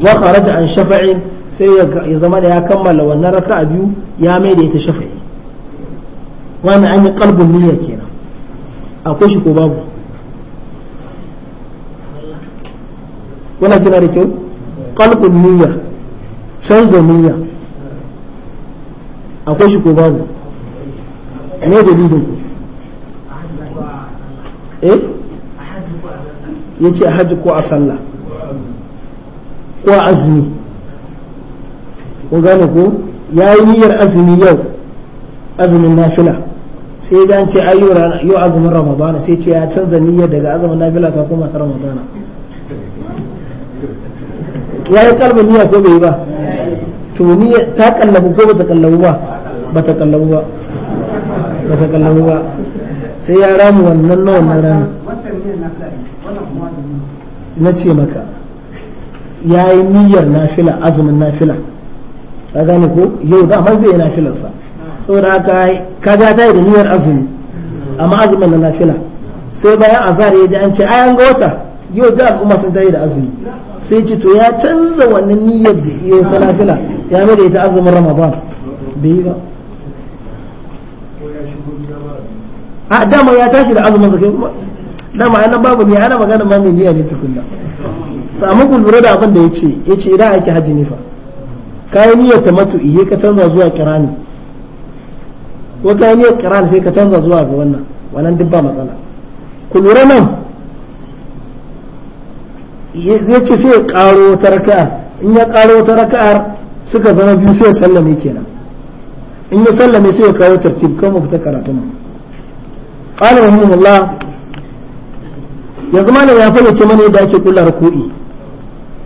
wa an shafa'in sai ya zama da ya kammala wannan a biyu ya mai da ita shafa'i wani an yi kalbin niyya kenan akwai shi ko babu kuna jira da kyau kalbin niyya canza niyya akwai shi ko babu ne da ku eh ya ce a hajji ko a sallah ko a azumi ko gane ko ya yi niyyar azumi yau azumin nafila sai ya gance ai yau azumin ramadana sai ce ya canza niyyar daga azumin nafila ta koma ta ramadana ya yi kalbin niyya ko bai ba to niyya ta kallabu ko ba ta kallabu ba ba ta kallabu ba ba ta kallabu ba sai ya ramu wannan na wannan rami na ce maka ya yi niyyar nafila azumin nafila ka gane ko yau da man zai yi nafilarsa saboda haka ka ta yi da niyyar azumi amma azumin na nafila sai bayan azhar ya ji an ce ayan ga wata yau da al'umma sun tayi da azumi sai ce to ya canza wannan niyyar da iya ta nafila ya mai da ita azumin ramadan bai yi ba a dama ya tashi da azumin zakai kuma dama ana babu ne ana magana ma mai niyyar ne tukunna samun ku da abin da ya ce ya ce idan ake hajji ne fa kayan niyyar matu eh, ihe ka canza zuwa kirani ko kayan niyyar kirani sai ka canza zuwa ga wannan wannan duk ba matsala ku lura nan eh, zai ce sai ya karo wata raka'ar in ya karo wata raka'ar suka zama biyu sai ya sallame kenan in ya sallame sai ya kawo tartib kan mu ta karatun mu qala rahimahullah yanzu malam ya ce mana yadda ake kullar ruku'i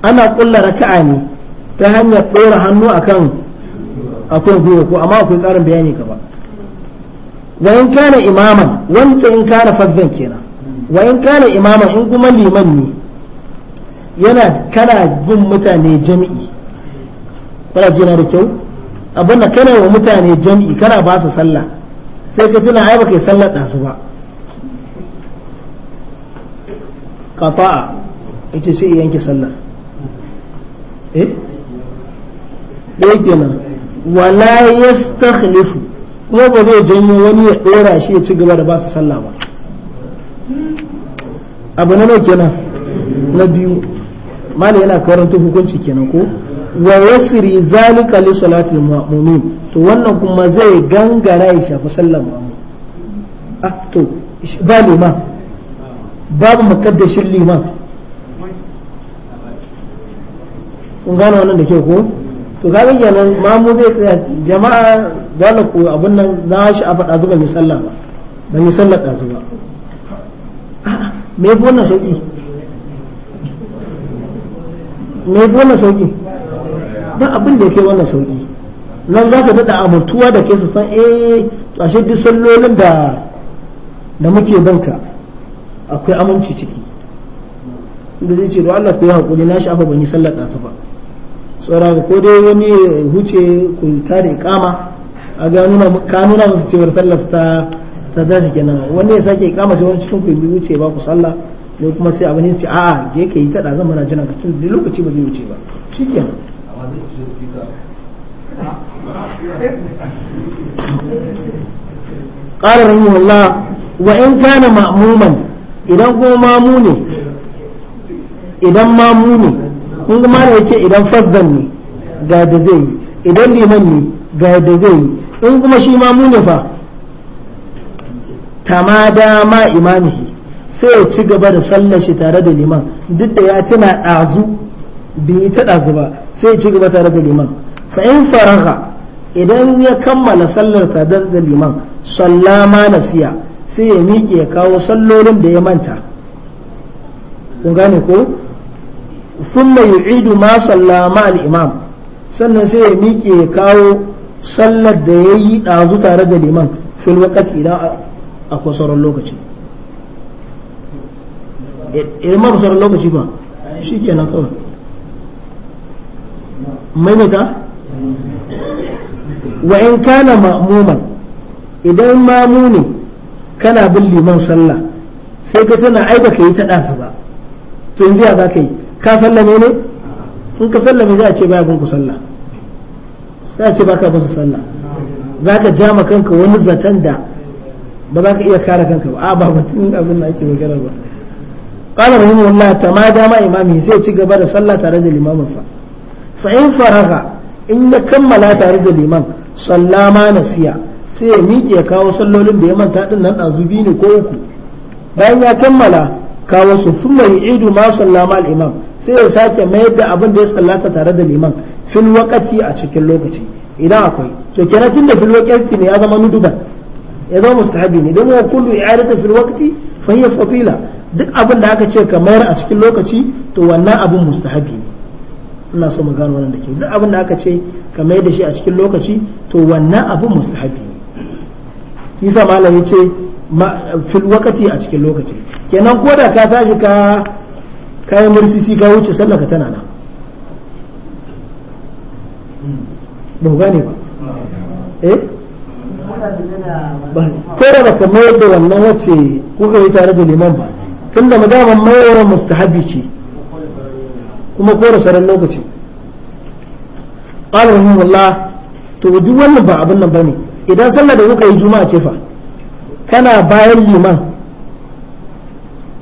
ana kullar raka'a ne ta hanyar ɗora hannu akan akwai gwiwa ko amma akwai ƙarin bayani ba wa in kana imaman wanda in kana fazzan kenan wa in kana imaman in kuma liman ne yana kana bin mutane jami'i kana jina da kyau abin da kana wa mutane jami'i kana ba su sallah sai ka tuna ai baka yi sallar ɗasu ba qata'a ita sai yanke sallar eh kenan wala yastakhlifu kuma ba zai janyo wani ya dora shi ya ci gaba da ba su sallah ba abu na ne kenan na biyu mali yana karanta hukunci kenan ko wa yasri zalika li salatil mu'minin to wannan kuma zai gangara ya shafi sallar mu'min ah to ba liman babu makaddashin liman kun gane wannan da kyau ko to ga ma mamu zai tsaya jama'a dole ku abin nan na shi a faɗa zuba mai sallah ba ban yi sallah da su me fi wannan sauki me fi sauki ba abin da yake wannan sauki nan za su daɗa amurtuwa da ke su san eh to ashe duk sallolin da da muke banka akwai aminci ciki Inda zai ce do Allah ku yi hakuri na shi ban yi sallar da ba tsoron ko dai wani ya huce ku tare kama a ga nuna ka nuna musu cewar sallar ta ta tashi kenan wani ya sake kama sai wani cikin ku bi wuce ba ku sallah ne kuma sai abin ce a'a je ka yi tada zan mana jina ka tun da lokaci ba zai wuce ba shikenan قال رحمه الله وإن كان مأموما إذا هو ماموني إذا ماموني kun ga malam yace idan fazzan ne ga da zai yi idan liman ne ga da zai yi in kuma shi ma mu ne fa tamada ma imanihi sai ya ci gaba da sallar shi tare da liman duk da ya tuna ɗazu bai ta ɗazu ba sai ya ci gaba tare da liman fa in faraga idan ya kammala sallar tare da liman ma nasiya sai ya miƙe ya kawo sallolin da ya manta kun gane ko thumma yu'idu ma salla al-imam sannan sai ya miƙe ya kawo sallar da yayi ɗazu tare da liman fil waqti idan akwai sauran lokaci idan eh, eh, ma sauran lokaci ba shikenan kawai maimaita wa in kana idan mamu kana bin liman sallah sai ka tana ai baka yi ta ɗazu ba tun jiya ya ka yi ka sallame ne in ka sallame za a ce baya bin ku sallah sai a ce ba ka basu sallah za ka ja ma kanka wani zaton da ba za ka iya kare kanka ba a ba mutum abin da ake magana ba ta ma dama قال رحمه الله تمادى da sallah tare da صلى تارد الإمام فإن فرغ إن كمل تارد الإمام صلى ما نسيا sai ya miƙe ya kawo sallolin da ya manta din nan ɗazu biyu ne ko uku bayan ya kammala kawo su thumma yu'idu ma sallama al-imam sai ya sake mayar da abin da ya sallata tare da liman fil wakati a cikin lokaci idan akwai to kenan da fil wakati ne ya zama nuduban ya zama mustahabi ne don wa kullu i'adatu fil wakati fa hiya duk abin da aka ce ka mayar a cikin lokaci to wannan abin mustahabi ne ina so mu gano wannan da ke duk abin da aka ce ka mayar da shi a cikin lokaci to wannan abin mustahabi ne yasa malam ya ce fil wakati a cikin lokaci kenan ko da ka tashi ka kayan mursisi ka wuce sallah ka tana nan ba ku gane ba eh ko da ka mayar da wannan wacce kuka yi tare da liman ba tun da magaman mayar mustahabi ce kuma ko da sauran lokaci qala Allah to duk wannan ba abin nan bane idan sallah da kuka yi juma'a ce fa kana bayan liman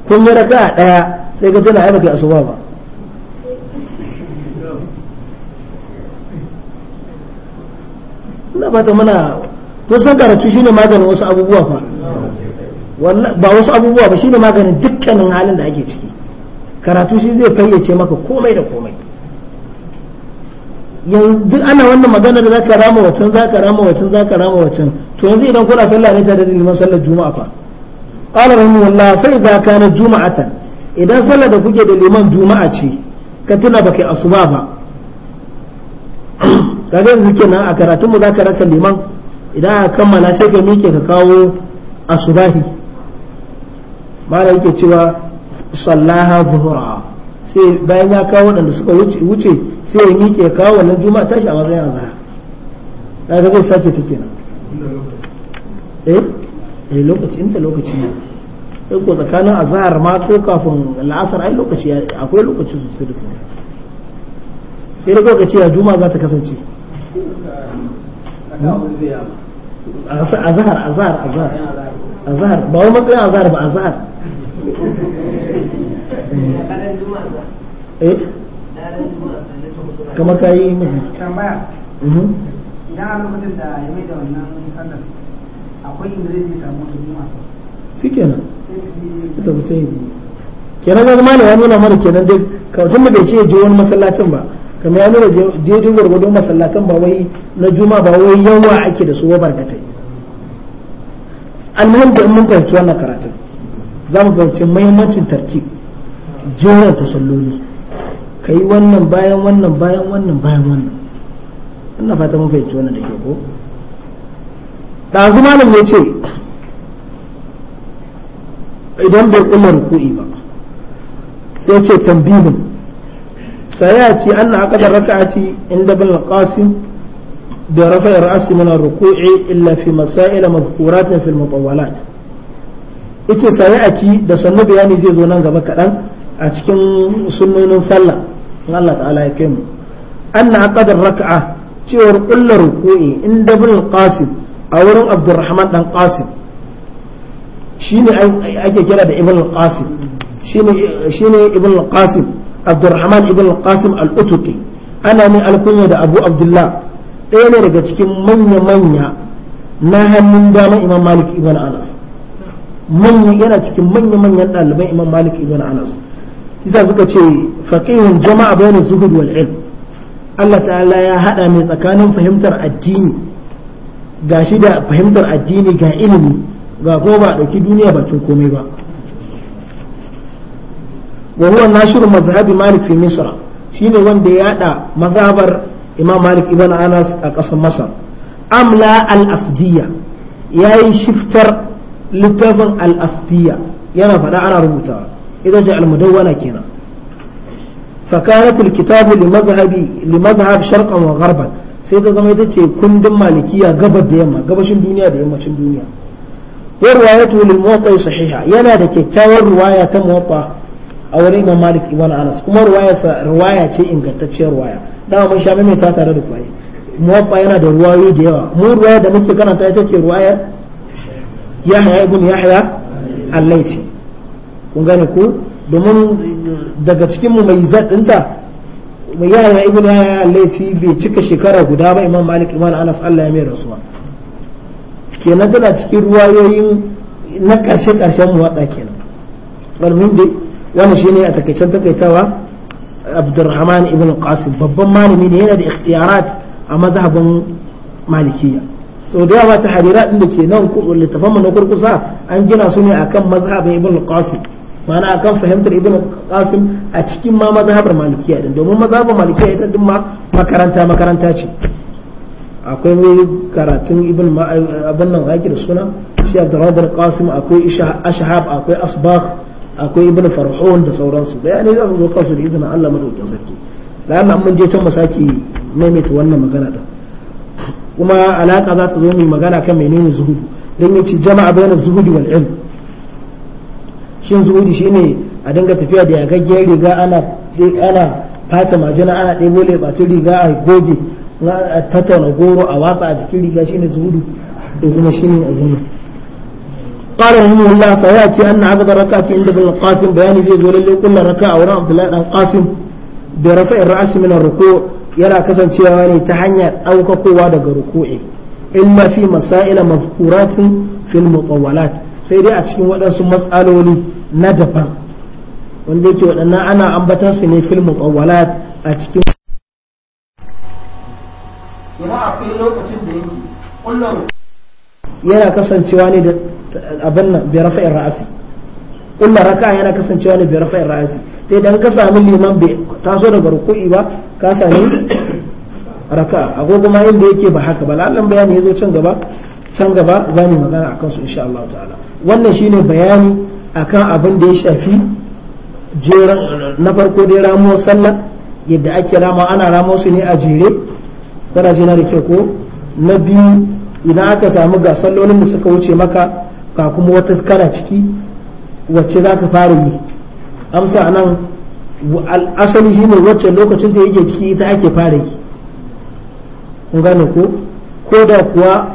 kun yi raka'a daya sai ka tana ke kai asuba ba ina fata mana to san karatu shine maganin wasu abubuwa fa ba wasu abubuwa ba shine maganin dukkanin halin da ake ciki karatu shi zai fayyace maka komai da komai yanzu duk ana wannan magana da zaka rama za zaka rama wacan zaka rama wacin to yanzu idan kuna sallah ne tare da liman sallar juma'a fa qala rahimahullah fa idza kana juma'atan idan sallar da kuke da liman juma'a ce ka tuna baka asuba ba kaga yanzu kenan a karatun mu zaka raka liman idan aka kammala sai ka miƙe ka kawo asubahi mala yake cewa sallaha zuhura sai bayan ya kawo waɗanda suka wuce sai ya miƙe ya kawo wannan juma'a tashi a matsayin azhar kaga zai sake ta kenan eh eh lokaci inda lokaci ne sai ko tsakanin azahar ma ko kafin la'asar ai lokaci akwai lokaci sosai da sosai sai da lokaci ya juma za ta kasance hmm? azahar azahar azahar azahar ba wani matsayin azahar ba azahar hmm. eh kamar ka yi mai hmm? idan a lokacin da ya mai da wannan sallar akwai da mutum kenan zama ne ya nuna mana kenan dai kawai da ce je wani masallacin ba kamar ya nuna daidai gwargwadon masallatan ba wai na juma ba wai yawa ake da su wa barkatai almuhim da mun fahimci wannan karatun za mu fahimci mahimmancin tartib ta salloli ka yi wannan bayan wannan bayan wannan bayan wannan ina fata mun fahimci wannan da ke ko ɗazu malam ya ce idan bai tsima ruku'i ba sai ce tambihin sayati anna aqdar raka'ati inda ibn al-qasim da rafa'i ra'si min ar-ruku'i illa fi masa'ila madhkuratin fil mutawwalat ita sayati da sannu bayani zai zo nan gaba kaɗan a cikin sunnonin sallah in Allah ta'ala ya kai mu anna aqdar raka'a cewar ƙullar ruku'i inda ibn al a wurin abdurrahman dan qasim shine ake kira da ibn al-qasim shine shine ibn al-qasim abdurrahman ibn al-qasim al-utuqi ana ne alkunya da abu abdullah ɗaya ne daga cikin manya manya na hannun dama imam malik ibn anas manya yana cikin manya manyan ɗaliban imam malik ibn anas isa suka ce faqihun jama'a bayan zuhud wal ilm Allah ta'ala ya hada mai tsakanin fahimtar addini gashi da fahimtar addini ga ilimi ga ko ba ɗauki duniya bakin komai ba wa huwa nashiru mazhabi malik fi misra shine wanda ya yada mazhabar imam malik ibn anas a ƙasar masar amla al asdiya yayi shiftar littafin al asdiya yana faɗa ana rubutawa idan ja al mudawwana kenan فكانت الكتاب لمذهب لمذهب شرقا وغربا sai ta zama ita ce kundin malikiya gabar da yamma gabashin duniya da yammacin duniya wa riwayatu lil muwatta sahiha yana da kyakkyawar riwaya ta muwatta a wurin imam malik anas kuma riwayarsa riwaya ce ingantacciyar riwaya dama mun sha mai ta tare da kwai muwatta yana da ruwayoyi da yawa mu riwaya da muke karanta ita ce riwayar yahya ibn yahya kun gane domin daga cikin mai mai yahya ibn yahya al bai cika shekara guda ba imam malik ibn anas Allah ya mai rasuwa kenan tana cikin ruwayoyin na karshe karshen muwaɗa kenan ɓarmin dai wani ne a takaicen takaitawa abdurrahman ibn qasim babban malami ne yana da ikhtiyarat a mazhabin malikiya sau da yawa ta harira din da ke nan littafan mu na kurkusa an gina su ne akan mazhabin ibn qasim ma'ana akan fahimtar ibn qasim a cikin ma mazhabar malikiya din domin mazhabar malikiya ita din ma makaranta makaranta ce akwai wani karatun ibn abin nan haƙi da suna shi abdurrahman qasim akwai ashhab akwai asbagh akwai ibn farhun da sauransu bayanai za su zo kansu da izinin Allah madaukin sarki da Allah mun je can mu saki maimaita wannan magana din kuma alaka za ta zo mu magana kan menene zuhudu don dan ci jama'a bayanan zuhudu wal ilm shin shi ne a dinga tafiya da yagaggiyar riga ana ana fata majina ana ɗebo lebatun riga a goge za a tattauna goro a watsa a jikin riga shine zuhudu da kuma shine azumi قال رحمه الله سياتي ان عبد الركعه عند ابن القاسم بيان زي زول كل ركعه ورا عبد الله بن القاسم برفع الراس من الركوع يلا كسن تشيواني تحنيا او كقوة دغ ركوعي الا في مسائل مذكورات في المطولات sai dai a cikin waɗansu matsaloli na daban wanda yake waɗannan ana ambatan su ne fil mutawwalat a cikin yana kasancewa ne da abin nan bi rafa'in ra'asi kullu raka yana kasancewa ne bi rafa'in ra'asi sai dan ka sami liman bai taso daga ruku'i ba ka sami raka agogo ma inda yake ba haka ba lallan bayani yazo can gaba can gaba za mu magana akan su insha Allah ta'ala wannan shine bayani akan abin da ya shafi na farko dai ramo sallah yadda ake rama ana ramo su ne a jere kana jina da kyau ko na biyu idan aka samu ga sallolin da suka wuce maka ga kuma wata kana ciki wacce za ka fara yi amsa nan asali ne wacce lokacin da yake ciki ita ake fara yi kun gane ko ko da kuwa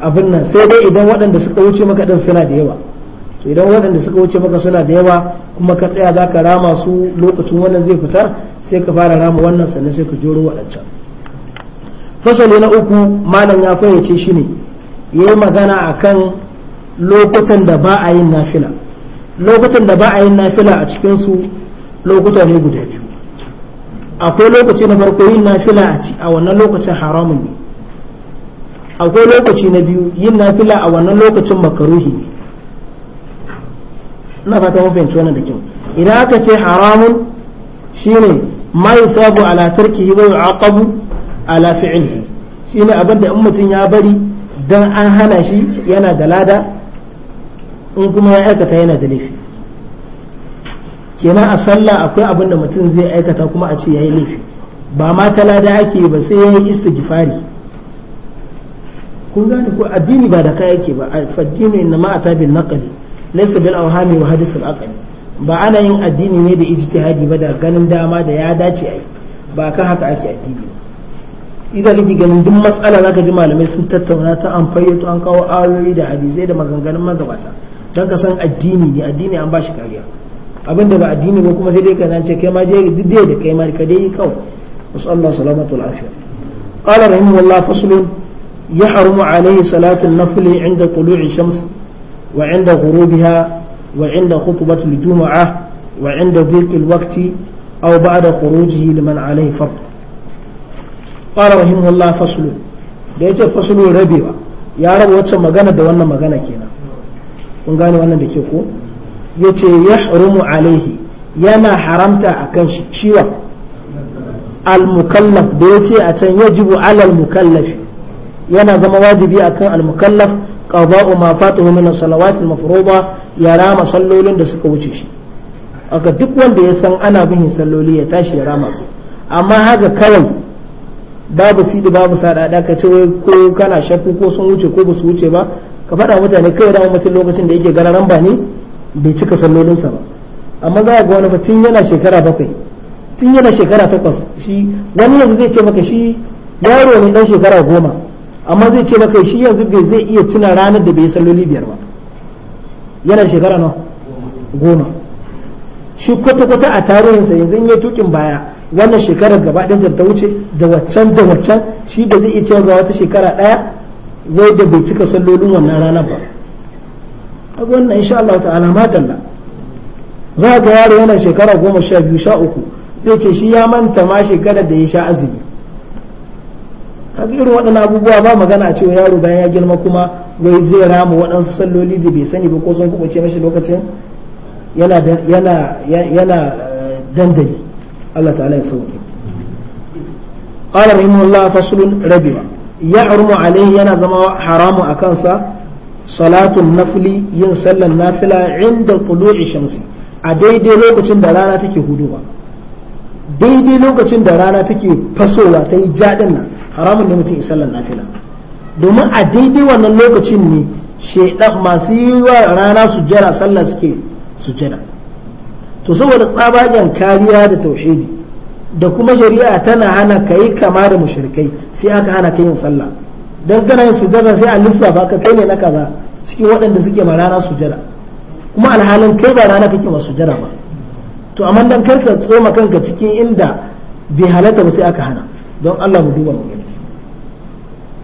abin nan sai dai idan waɗanda suka wuce maka ɗin suna da yawa to idan waɗanda suka wuce maka suna da yawa kuma ka tsaya za ka rama su lokacin wannan zai fita sai ka fara rama wannan sannan sai ka joro waɗancan fasali na uku malam ya fayyace shi ne ya yi magana a kan lokutan da ba a yin nafila lokutan da ba a yin nafila a cikinsu lokuta ne guda biyu akwai lokaci na farko yin nafila a wannan lokacin haramun ne akwai lokaci na biyu yin nafila a wannan lokacin makaruhi ne ina fata mafi fahimci wannan da kyau idan aka ce haramun shine ma sabu ala tarkihi wa yu'aqabu ala fi'ilhi shine abinda in mutum ya bari dan an hana shi yana da lada in kuma ya aikata yana da laifi kenan a sallah akwai abinda mutum zai aikata kuma a ce yayi laifi ba ma ta lada ake ba sai yayi istighfari kun gane ko addini ba da kai yake ba addini inna ma ata bil naqli laysa bil awhami wa hadith al aqli ba ana yin addini ne da ijtihadi ba da ganin dama da ya dace ai ba kan haka ake addini ba idan kake ganin duk matsala zaka ji malamai sun tattauna ta an fayyato an kawo ayoyi da hadisai da maganganun magabata don ka san addini ne addini an ba shi kariya abinda ba addini ba kuma sai dai ka ce kai ma je duk da kai ma ka dai kawai wasu Allah salamatu al'afiya qala rahimahullah faslun yahrumu alayhi salatu an-nafl 'inda tulu'i shams wa 'inda ghurubiha wa 'inda khutbati al-jum'ah wa 'inda dhiqi al-waqti liman alayhi qala rahimahullah faslu da yace faslu rabiwa ya raba wacce magana da wannan magana kenan kun gane wannan da ke ko yace yahrumu alaihi yana haramta akan shi ciwa al-mukallaf da yace a can yajibu alal mukallaf yana zama wajibi akan al-mukallaf qada'u ma fatahu min as-salawati al-mafruḍa ya rama sallolin da suka wuce shi aka duk wanda ya san ana bin salloli ya tashi ya rama su amma haka kawai babu sidi babu da ka ce ko kana shakku ko sun wuce ko ba su wuce ba ka faɗa mutane kai da mutum lokacin da yake gararan ba ne bai cika sallolinsa ba amma za ga wani tun yana shekara bakwai tun yana shekara takwas shi wani yanzu zai ce maka shi yaro ne dan shekara goma amma zai ce maka shi yanzu bai zai iya tuna ranar da bai yi salloli biyar ba yana shekara nawa goma shi kwata-kwata a tarihinsa yanzu in yi tukin baya wannan shekarar gaba ɗin ta wuce da waccan da waccan shi da zai iya cewa wata shekara ɗaya wai da bai cika sallolin wannan rana ba wannan insha Allah ta'ala dalla za ga yaro yana shekara goma sha biyu sha uku zai ce shi ya manta ma shekarar da ya sha azumi kaga irin waɗannan abubuwa ba magana a cewa yaro bayan ya girma kuma wai zai rama waɗansu salloli da bai sani ba ko sun kuɓace mashi lokacin yana eh, dandali Allah ta'ala ya sauke qala rahimahullah faslun rabi'a ya'rumu alaihi yana zama haramu a kansa salatun nafli yin sallan nafila inda tulu'i shamsi a daidai lokacin da rana take huduwa daidai lokacin da rana take fasowa ta yi jaɗin nan haramun ne mutum ya sallan nafila domin a daidai wannan lokacin ne shaidan masu yi wa rana sujjara sallah suke sujjara to saboda tsabagen kariya da tauhidi da kuma shari'a tana hana ka yi kama da mushrikai sai aka hana ka yin sallah dan kana yin sujada sai a lissafa ka kai ne na kaza cikin waɗanda suke ma rana sujada kuma alhalin kai ba rana kake ma sujada ba to amma dan karka tsoma kanka cikin inda bai halatta sai aka hana don Allah mu duba mu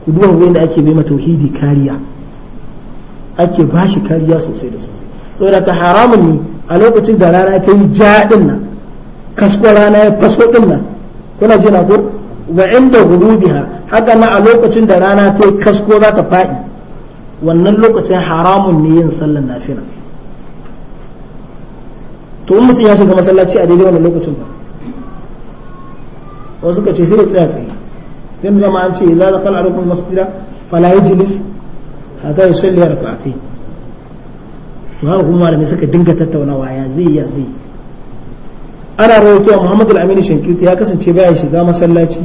ku duba mu da ake bai tauhidi kariya ake bashi kariya sosai da sosai saboda ka haramun ne a lokacin da rana ta yi jaɗin nan kasko rana ya faso ɗin nan kuna jina ko wa inda gurubiha haka na a lokacin da rana ta yi kasko za ta faɗi wannan lokacin haramun ne yin sallar nafila to in mutum ya shiga masallaci a daidai wannan lokacin ba wasu ka ce sai ya tsaya tsaye sai mu zama an ce la zaqal alaikum masjida fala yajlis hatta yusalli rak'atayn to haka kuma malamai suka dinga tattaunawa ya zai ya zai ana rawaitowa Muhammad al-Amin Shinkirti ya kasance baya shiga masallaci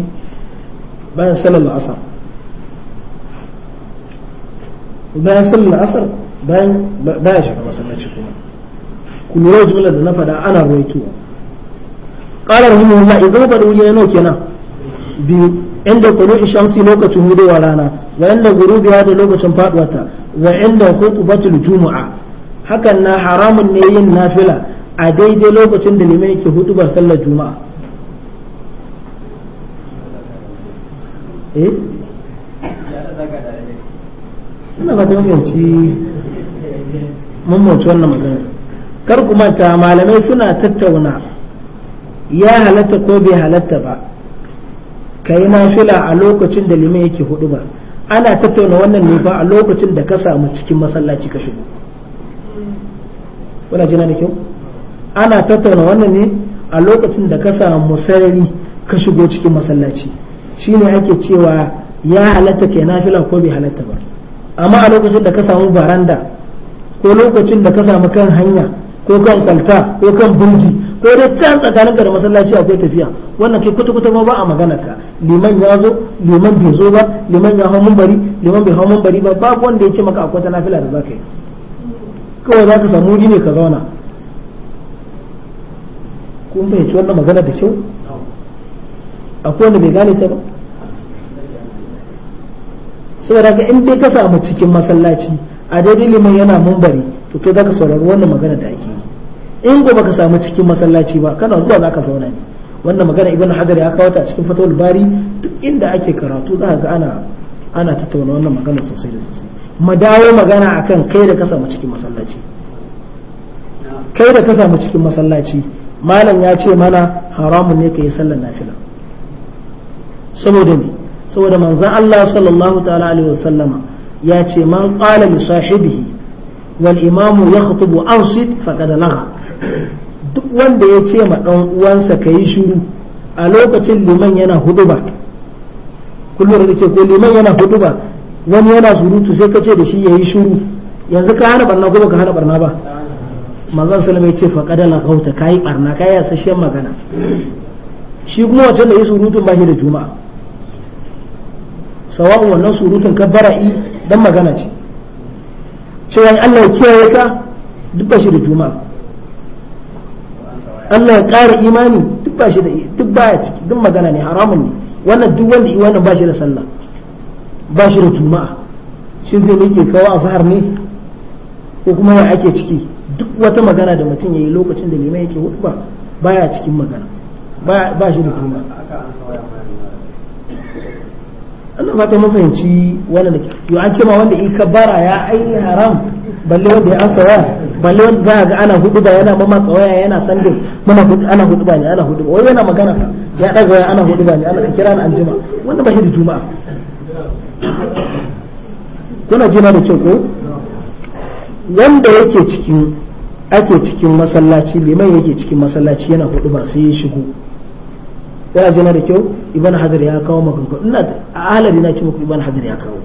bayan sallar asar bayan sallar asar bayan baya shiga masallaci kuma ku lura jumlar da na faɗa ana rawaitowa qala rahimahullah idan ba dole ne kenan biyu inda kulu shamsi lokacin hudowa rana wa inda gurubiya da lokacin faduwata wa inda khutbatul jumu'a hakan na haramun ne yin nafila a daidai lokacin da Limai ke hudubar sallar juma'a eh ina ba ta mafiyanci mummunci wannan magana kar ku ta malamai suna tattauna ya halatta ko bai halatta ba ka yi nafila a lokacin da Limai yake hudu ba ana tattauna wannan ne ba a lokacin da ka samu cikin masallaci ka shigo kuna jina da kyau ana tattauna wannan ne a lokacin da ka samu sarari ka shigo cikin masallaci shi shine ake cewa ya halatta ke nafila ko bai halatta ba amma a lokacin da ka samu baranda ko lokacin da ka samu kan hanya ko kan kwalta ko kan burji ko dai can tsakanin ka da masallaci akwai tafiya wannan kai kuta kuta ba a magana ka liman ya zo liman bai zo ba liman ya hau mun bari liman bai hau mun bari ba babu wanda ya ce maka akwai ta nafila da za ka yi kawai za ka samu wuri ne ka zauna kun bai ci wannan magana da kyau akwai wanda bai gane ta ba saboda ka in dai ka samu cikin masallaci a daidai liman yana mumbari to kai za ka saurari wannan magana da ake yi in gobe ka samu cikin masallaci ba kana zuwa za ka zauna ne wannan magana ibn hajar ya kawo ta cikin fatawul bari duk inda ake karatu za ka ga ana ana tattauna wannan magana sosai da sosai mu dawo magana akan kai da ka samu cikin masallaci kai da ka samu cikin masallaci malam ya ce mana haramun ne ka yi sallar nafila saboda ne saboda manzan Allah sallallahu ta'ala alaihi wasallama ya ce man qala li sahibihi wal imamu yakhutubu ansit faqad laha duk wanda ya ce ma dan uwansa kai shiru a lokacin liman yana huduba kullum da ke ko liman yana huduba wani yana surutu sai ka ce da shi ya yi shiru yanzu ka hana barna kuma ka hana barna ba mazan salama ya ce fa kadala gauta kai barna yi yasasshen magana shi kuma wacce da yi surutun ba shi da juma'a sawa'un wannan surutun ka bara'i dan magana ce cewa Allah ya kiyaye ka duk ba shi da juma'a Allah ya ƙara imani duk ba shi da duk baya ciki duk magana ne haramun ne wannan duk wanda yi wannan ba shi da sallah ba shi da juma'a shi zai nake kawo azhar ne ko kuma ya ake ciki duk wata magana da mutum ya yi lokacin da liman yake hutuba ya cikin magana ba shi da juma'a Allah ba ta mafahimci wannan da yo an ce ma wanda yi kabara ya ai haram balle wanda ya ansa waya balle wanda ga ana ba yana mama tsawaya yana sande hudu ana ba ne ana ba wai yana magana ya daga waya ana ba ne ana kira an anjima wannan ba shi da juma'a kuna jina da kyau ko wanda yake cikin ake cikin masallaci liman yake cikin masallaci yana hudu ba sai ya shigo yana jina da kyau ibn hajar ya kawo maganganu ina a ahalari na ce muku ibn hajar ya kawo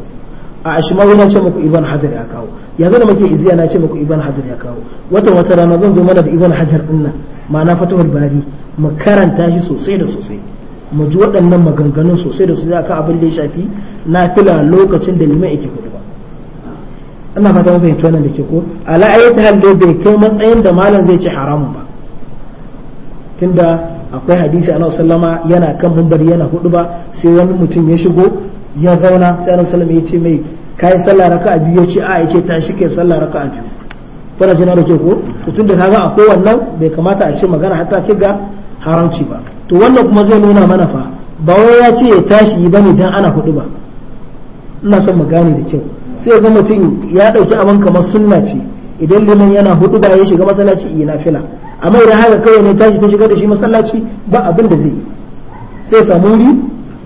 a ashimawi na ce muku ibn hajar ya kawo yanzu da muke iziya na ce muku ibn hajar ya kawo wata wata rana zan zo mana da ibn hajar din nan ma'ana fatawar bari mu karanta shi sosai da sosai mu waɗannan maganganun sosai da su za ka abin da ya shafi na fila lokacin da liman yake hudu ba ana ba wani fahimci wannan da ke ko ala ayyata halde bai kai matsayin da malam zai ce haramun ba tunda akwai hadisi a sallama yana kan mumbari yana hudu ba sai wani mutum ya shigo ya zauna sai annabi sallama ya ce mai kai sallah raka'a biyu ya ce a ya ce tashi kai sallah a biyu fara shi na da ke ko to da kaga akwai wannan bai kamata a ce magana hatta kiga haramci ba to wannan kuma zai nuna mana fa ba wai ya ce ya tashi ba ne dan ana hudu ba ina son mu gane da kyau sai ga mutum ya dauki abin kamar sunna ce idan liman yana hudu ba ya shiga masallaci yi nafila amma idan haka kawai ne tashi ta shiga da shi masallaci ba abin da zai sai samu wuri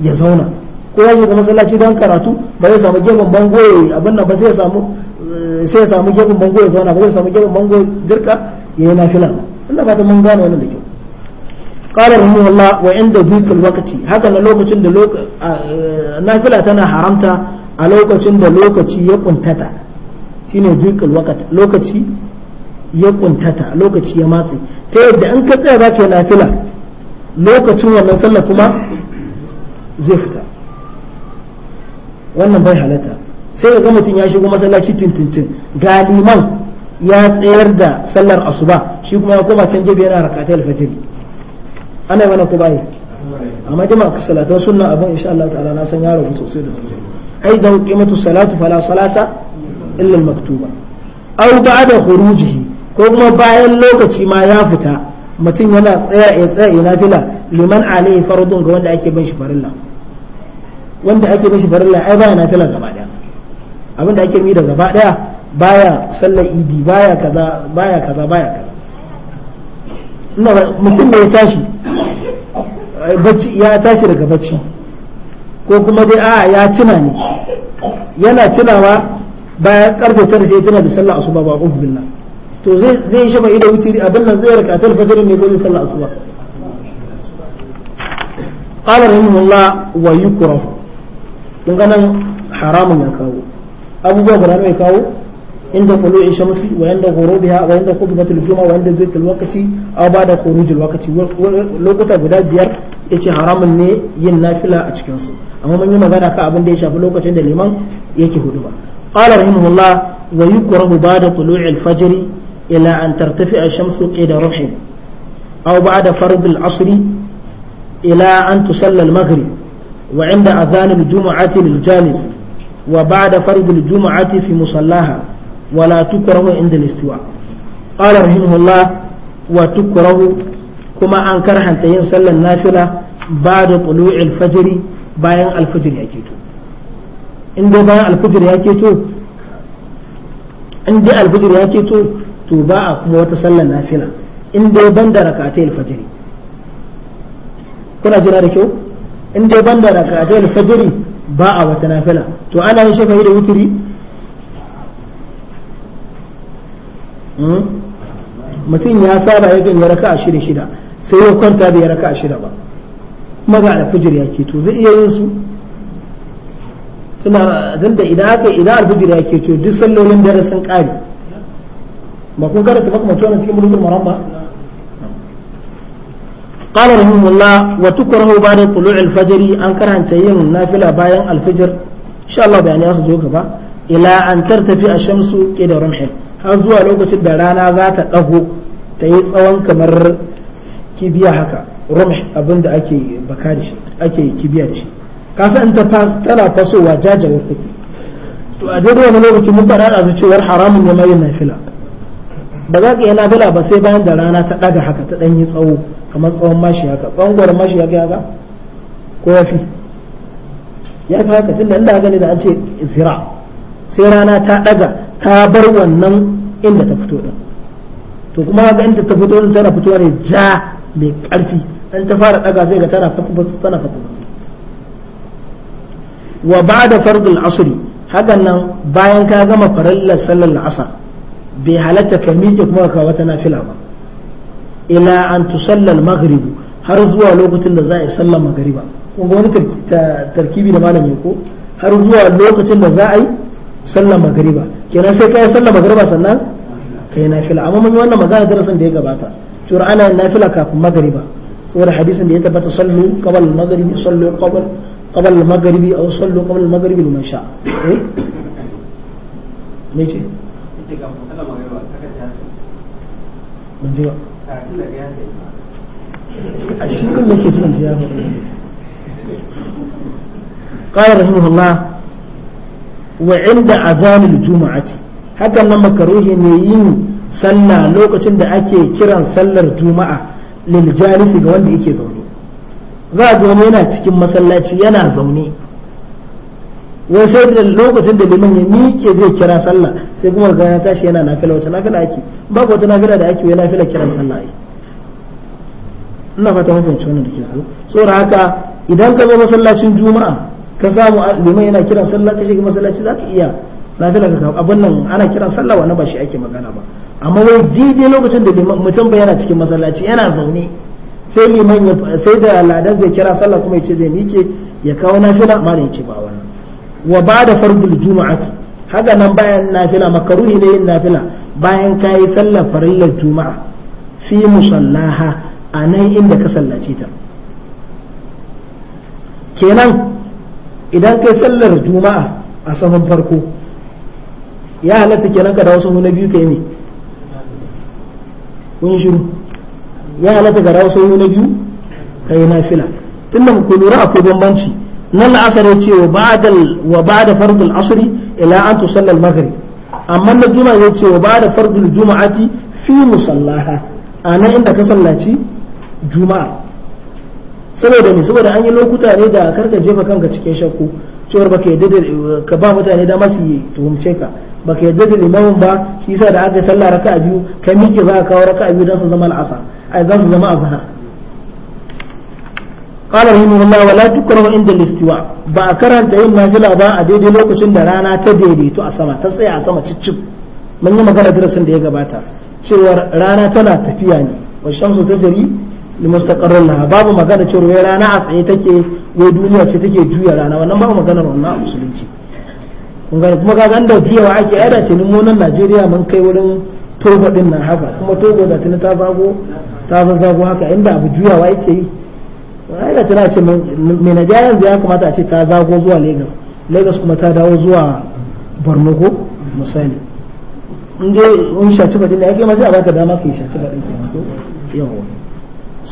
ya zauna ko ya shiga masallaci don karatu ba zai samu gefen bango ya abin nan ba sai samu sai ya samu gefen bango ya zauna ba zai samu gefen bango ya dirka ya yi nafila Allah ba ta mun gane wannan da kyau قال رحمه الله وعند ذيك الوقت هكذا لوكتين ده لوك نافلة تنا حرمتا لوكتين ده لوكتي يكون تتا شنو ذيك الوقت لوكتي يكون تتا لوكتي يماسي تيد أنك تأباك نافلة lokacin wannan sallah kuma zai fita wannan bai halatta sai ga mutum ya shigo masallaci tintintin ga liman ya tsayar da sallar asuba shi kuma ya koma can gebe yana rakatai alfajiri ana yi mana ko bayi amma jama'a ka salata sunna abin insha Allah ta'ala na san yaro sosai da sosai da qimatu salatu fala salata illa al-maktuba aw ba'da khurujihi ko kuma bayan lokaci ma ya fita mutum yana tsaya ya tsaya ina fila liman alayhi fardun ga wanda ake bin shi farilla wanda ake bin shi farilla ai bayan nafila gaba daya abinda ake mi da gaba daya baya sallar idi baya kaza baya kaza baya kaza mutum ne ya tashi eh, bacci ya tashi daga bacci ko kuma dai a ya tuna ne yana tunawa bayan karfe tara sai tuna da sallah asuba ba uf billah to zai zai shafa ido wuturi abin nan zai raka tal fajr ne ko sallah asuba qala rahimahullah wa yukrahu kun ga haramun ya kawo abubuwa guda ne ya kawo inda shamsi عند طلوع الشمس وعند غروبها وعند خطبة الجمعة وعند ذكر الوقت أو بعد خروج الوقت لوقت guda biyar yace haramun ne yin nafila a cikin su amma mun yi magana ka abin da ya shafi lokacin da liman yake hudu ba qala rahimahullah wa yukrahu ba'da tulu'il fajr ila an tartafi ash-shamsu qida ruhi aw ba'da fard al-asr ila an tusalla al-maghrib wa 'inda adhan al-jum'ati lil-jalis wa ba'da fard al-jum'ati fi musallaha ولا تكره عند الاستواء قال رحمه الله وتكره كما أن كره أن ينسل النافلة بعد طلوع الفجر باين الفجر يكيتو عند باين الفجر يكيتو عند الفجر يكيتو تباع كما وتسل النافلة عند بند ركعتي الفجر كنا جنا ركيو عند بند ركعتي الفجر باع وتنافلة تو أنا شفه إلى وتري Hmm? mutum ya saba yakan ya raka shida shida sai ya kwanta da ya raka shida ba maga alfijir ya keto zai iya yin su tana da idan aka idan alfijir ya keto duk sallolin dare sun kare ba kun karanta ba kuma tuwa cikin mulkin maran ba قال رحمه الله وتكره بعد طلوع الفجر أن كرهن تيم نافلة باين الفجر إن شاء الله بأن يأخذ إلى أن ترتفع الشمس إلى رمح har zuwa lokacin da rana za ta ɗago ta yi tsawon kamar kibiya haka rum abin da ake baka da shi ake kibiya da shi kasa in ta tana fasowa jajawar take to a daidai wani lokaci mun faɗa da cewar haramun ne mai nafila ba za ka yi nafila ba sai bayan da rana ta ɗaga haka ta ɗan yi tsawo kamar tsawon mashi haka tsawon gwar mashi haka haka ko ya fi ya fi haka tunda inda haka da an ce zira sai rana ta ɗaga ta bar wannan inda ta fito din to kuma ga inda ta fito din tana fitowa ne ja mai karfi an ta fara daga sai ga tana fasfas tana fasfas wa ba'da fardul asri hakan nan bayan ka gama farallar sallar asar bai halatta ka miƙe kuma ka wata nafila ba ila an tusallal maghrib har zuwa lokacin da za a yi sallar magariba kuma wani tarkibi da malami ko har zuwa lokacin da za a yi sallar magariba kenan sai kai sallar magriba sannan kai nafila amma mun yi wannan magana darasin da ya gabata cewa ana nafila kafin magriba saboda hadisin da ya tabbata sallu qabl al-maghribi sallu qabl qabl al-maghribi aw sallu qabl al-maghribi liman sha eh? me ce ban ji ba a shi ne ke son ji ya قال رحمه wa inda azanul juma'ati hakan nan makaruhi ne yin sallah lokacin da ake kiran sallar juma'a lil jalisi ga wanda yake zaune za a wani yana cikin masallaci yana zaune wai sai da lokacin da liman ya miƙe zai kira sallah sai kuma ga ya tashi yana nafila wata nafila ake babu wata nafila da ake wai nafila kiran sallah ai ina fata mun fahimci wannan da ke haka saboda haka idan ka zo masallacin juma'a ka samu liman yana kiran sallah ka shiga masallaci za ka iya lafiya ka abin nan ana kiran sallah wannan ba shi ake magana ba amma wai daidai lokacin da mutum ba yana cikin masallaci yana zaune sai liman sai da ladan zai kira sallah kuma ya ce zai miƙe ya kawo nafila ma ya ce ba wannan wa ba da fardul juma'ati haka nan bayan nafila makaruni ne yin nafila bayan yi sallar farillar juma'a fi musallaha a nan inda ka sallace ta kenan idan kai sallar juma'a a saman farko ya halatta kenan ka dawo sahu na biyu kai ne kun shiru ya halatta ka dawo sahu na biyu kai fila. tunda ku lura akwai bambanci nan la'asar ya ce wa ba da fardul asri ila an tusalla al-maghrib amma na juma'a ya ce wa ba da fardul juma'ati fi musallaha a nan inda ka sallaci juma'a saboda ne saboda an yi lokuta ne da karka jefa kanka cikin shakku cewar baka yadda da ka ba mutane da masu yi tuhumce ka baka yadda da limamin ba shi sa da aka sallah raka biyu kai miƙe za ka kawo raka biyu don su zama al'asa ai za su zama azhar قال رحمه الله ولا تكره عند الاستواء ba karanta yin nafila ba a daidai lokacin da rana ta daidaito a sama ta tsaya a sama cicci mun yi magana darasin da ya gabata cewar rana tana tafiya ne wa shamsu jari. limustaqarrin laha babu magana cewa wai rana a tsaye take wai duniya ce take juya rana wannan babu magana wannan a musulunci kun ga kuma kaga da juyawa ake aida ce mu nan Najeriya mun kai wurin toba din nan haka kuma togo da tuni ta zago ta zago haka inda abu juyawa yake yi aida tana ce mai Najeriya yanzu ya kamata a ce ta zago zuwa Lagos Lagos kuma ta dawo zuwa Borno ko misali in dai in shaci baɗin da ya kai masu a baka dama ka shaci baɗin kenan ko yawa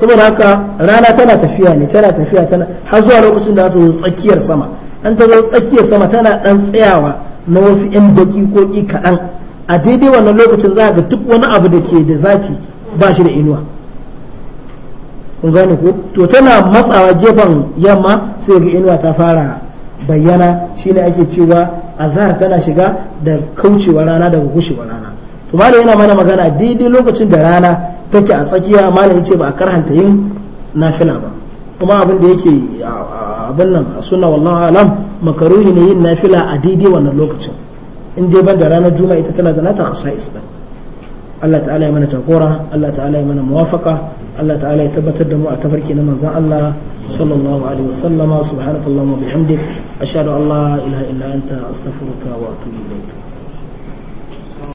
saboda haka rana tana tafiya ne tana tafiya tana har zuwa lokacin da ta zo tsakiyar sama an ta zo tsakiyar sama tana dan tsayawa na wasu yan ƙi kaɗan a daidai wannan lokacin za ga duk wani abu da ke da zaki ba shi da inuwa kun gane ko to tana matsawa gefen yamma sai ga inuwa ta fara bayyana shine ake cewa azhar tana shiga da kaucewa rana daga gushewa rana to malam yana mana magana daidai lokacin da rana take a tsakiya malam yace ba a karhanta yin nafila ba kuma abin da yake abin nan a sunna wallahu alam makaruhi ne yin nafila a daidai wannan lokacin in dai ban da ranar juma'a ita tana da nata khasa'is din Allah ta'ala ya mana takora Allah ta'ala ya mana muwafaka Allah ta'ala ya tabbatar da mu a tafarki na manzon Allah sallallahu alaihi wasallama subhanakallahumma bihamdik ashhadu an la ilaha illa anta astaghfiruka wa atubu ilayk